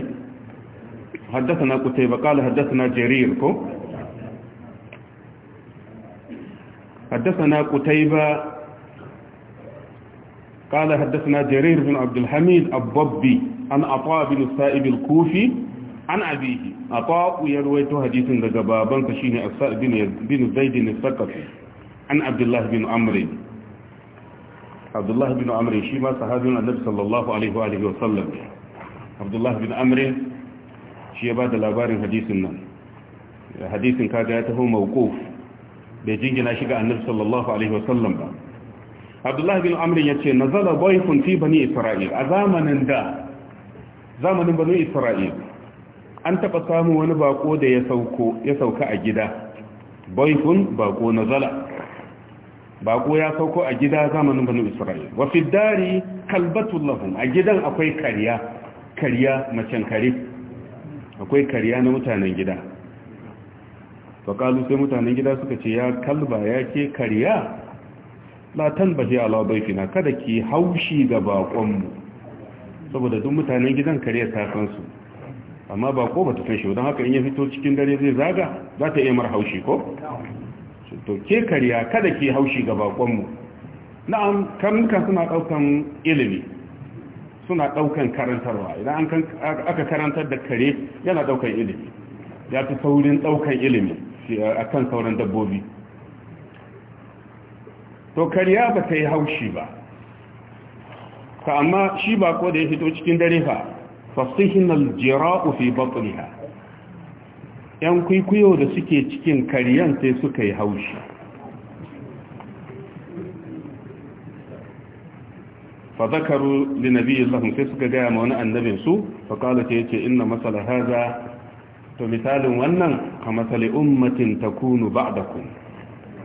haddathana Qutayba qala haddathana Jarir ko haddathana Qutayba قال حدثنا جرير بن عبد الحميد الضبي عن عطاء بن السائب الكوفي عن أبيه عطاء يرويت حديث لك بابا فشيني بن زيد الثقفي عن عبد الله بن عمرو عبد الله بن عمرو شيما صحابي النبي صلى الله عليه وآله وسلم عبد الله بن عمرو shi ya ba حديث labarin hadisin nan hadisin kaga ya taho mawkuf bai jingina shi ga abdullahi bin amrin ya ce na zala baifun fi bani isra'il a zamanin da zamanin bani isra'il an taɓa samu wani bako da ya sauka a gida baifun bako na zala bako ya sauko a gida zamanin bani isra'il wafi dari kalbatun lahun a gidan akwai kariya kariya macen kare akwai kariya na mutanen gida kalu sai mutanen gida suka ce ya kalba ya ke kariya la tanbaji ala baitina kada ki haushi ga bakonmu saboda duk mutanen gidan kare ta san su amma bako bata san shi don haka in ya fito cikin dare zai zaga za ta iya mar haushi ko to ke kariya kada ki haushi ga bakonmu na'am karnuka suna daukan ilimi suna daukan karantarwa idan an aka karantar da kare yana daukan ilimi ya fi saurin daukan ilimi akan sauran dabbobi to karya ba ta yi haushi ba ka amma shi ba ko da ya fito cikin dare fa fasihin aljira'u fi batniha yan kwaikwayo da suke cikin karyan sai suka yi haushi fa zakaru li nabiyyi sallallahu sai suka gaya ma wani annabin su fa kala ta yace inna masala to misalin wannan ka masali ummatin takunu ba'dakum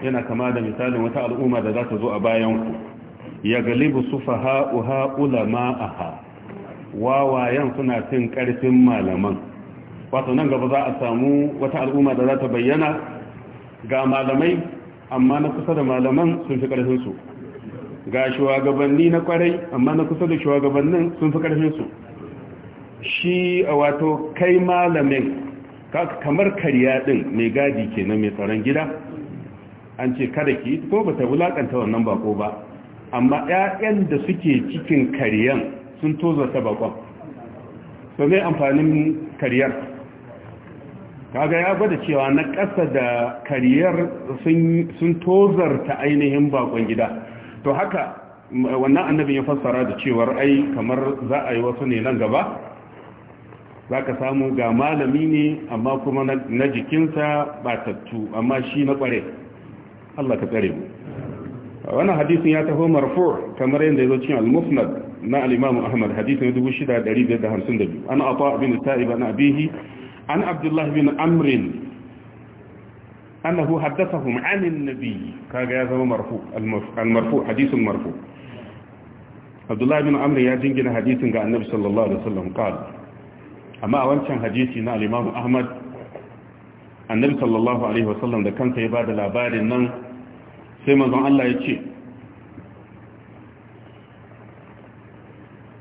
yana kama da misalin wata al'umma da za ta zo a bayan ku ya galibu a ha wawayen suna cin karfin malaman wato nan gaba za a samu wata al'umma da za ta bayyana ga malamai amma na kusa da malaman sun fi ƙarfinsu ga shugabanni na kwarai amma na kusa da shugabannin sun fi ƙarfinsu shi a wato kai malamin kamar karya din mai gadi ke na mai tsaron gida an ce kada ki ko ba ta wulakanta wannan bako ba amma ƴaƴan da suke cikin kariyan sun tozarta bakon to me amfanin kariyar kaga ya gwada cewa na ƙasa da kariyar sun tozarta ainihin bakon gida to haka wannan annabin ya fassara da cewar ai kamar za a yi wasu ne nan gaba za ka samu ga malami ne amma kuma na jikinsa ba tattu amma shi na kware Allah ka tsare mu wannan hadisin ya taho marfu kamar yadda yazo cikin al-musnad na al-imam Ahmad hadisin 6552 an ata bin sa'ib an abihi an abdullah bin amr annahu haddathahum an an-nabi kaga ya zama marfu al-marfu hadisin marfu abdullah bin amr ya jingina hadisin ga annabi sallallahu alaihi wasallam qala amma a wancan hadisi na al-imam Ahmad annabi sallallahu alaihi wasallam da kansa ya bada labarin nan sai manzon Allah ya ce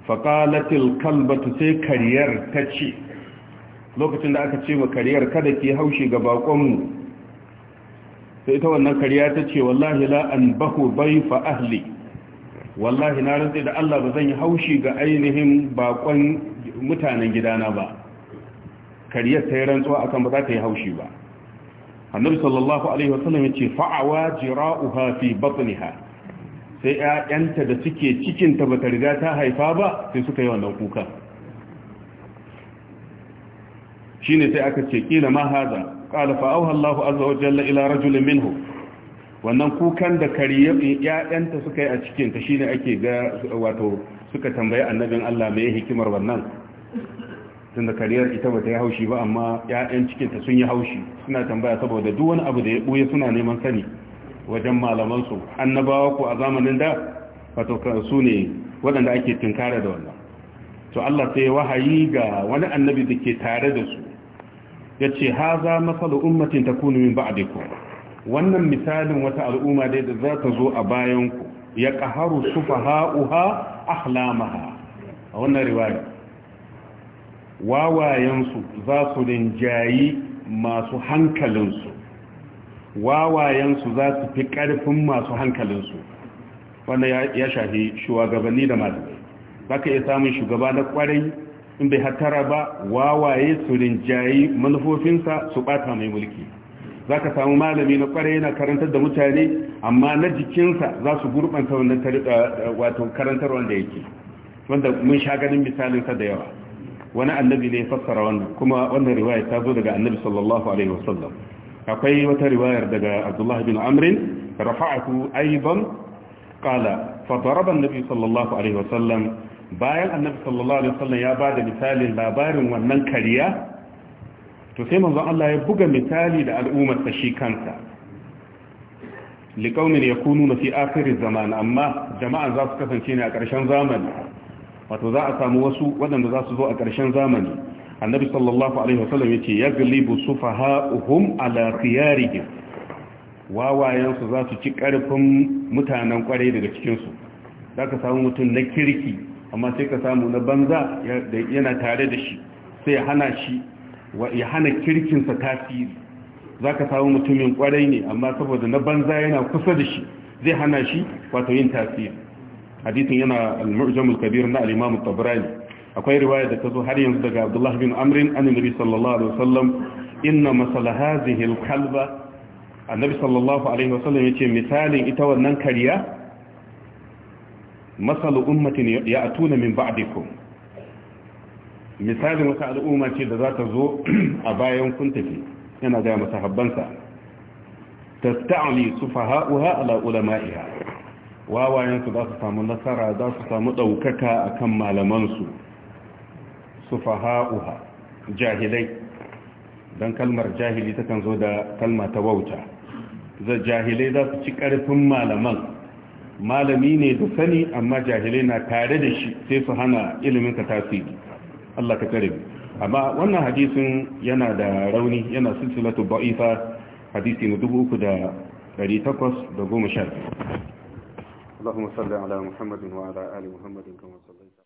faƙalatil kalbatu sai kariyar ta ce lokacin da aka ce ma kariyar kada ke haushi ga bakonmu sai ta wannan kariya ta ce wallahi la bahu bai fa ahli wallahi na rantsi da Allah ba zan yi haushi ga ainihin bakon mutanen gidana ba kariyar ta yi rantsuwa akan ba za ta yi haushi ba annabi sallallahu alaihi wasallam yace fa'awa jira'uha fi batniha sai ƴaƴanta da suke cikin ta bata riga ta haifa ba sai suka yi wannan kuka shine sai aka ce kila ma haza qala fa auha Allahu azza wa jalla ila rajulin minhu wannan kukan da kariya ƴaƴanta suka yi a cikin ta shine ake ga wato suka tambaye annabin Allah me hikimar wannan tun da kariyar ita ba ta yi haushi ba amma 'ya'yan cikinta sun yi haushi suna tambaya saboda duk wani abu da ya ɓuya suna neman sani wajen malamansu annabawa ko a zamanin da wato su ne waɗanda ake tunkara da wannan to Allah sai ya wahayi ga wani annabi da ke tare da su ya ce ha za masalu ummatin ta kunu min ba'dikum wannan misalin wata al'umma dai da za ta zo a bayanku ya qaharu sufaha'uha ahlamaha a wannan riwaya wawayensu za su rinjayi masu hankalinsu wawayensu za su fi karfin masu hankalinsu wanda ya shafi shugabanni da malamai za ka iya samun shugaba na kwarai in bai hatara ba wawaye su rinjayi manufofinsa su bata mai mulki za ka samu malami na ƙwarai yana karantar da mutane amma na jikinsa za su gurɓanta wannan eh, eh, wato karantar wanda yake wanda mun sha ganin misalinsa da yawa wani annabi ne fassara wannan kuma wannan riwaya ta zo daga annabi sallallahu alaihi wasallam akwai wata riwayar daga abdullahi bin amrin rafa'ahu aidan qala fa annabi sallallahu alaihi wasallam bayan annabi sallallahu alaihi wasallam ya bada misalin labarin wannan kariya to sai manzon Allah ya buga misali da al'ummar ta shi kansa liqaumin yakununa fi akhir zaman amma jama'an za su kasance ne a ƙarshen zamani wato za a samu wasu waɗanda za su zo a ƙarshen zamani annabi sallallahu alaihi wasallam yace yaglibu sufaha'uhum ala khiyarihim wawayen su za su ci ƙarfin mutanen kwarai daga cikin su za ka samu mutum na kirki amma sai ka samu na banza yana tare da shi sai ya hana shi ya hana kirkinsa tasiri za ka samu mutumin kwarai ne amma saboda na banza yana kusa da shi zai hana shi wato yin tasiri حديث ينا المعجم الكبير من الإمام الطبراني أقول رواية تقول هل ينزدك عبد الله بن أمر أن النبي صلى الله عليه وسلم إن مثل هذه الكلبة النبي صلى الله عليه وسلم يتي مثال إتوى ننكرية مثل أمة يأتون من بعدكم مثال مثال أمة ذات زوء أبا يوم كنت فيه أنا دائما تحبنك تستعلي سفهاؤها على علمائها wawayensu za su samu nasara za su samu ɗaukaka a kan malamansu su faha'uha jahilai don kalmar jahili ta kan zo da kalma ta wauta za jahilai za su ci ƙarfin malaman malami ne da sani amma jahilai na tare da shi sai su hana iliminka tasiri Allah ka kare amma wannan hadisin yana da rauni yana silsilatu ba'ifa hadisi na 3812 اللهم صل على محمد وعلى آل محمد كما صليت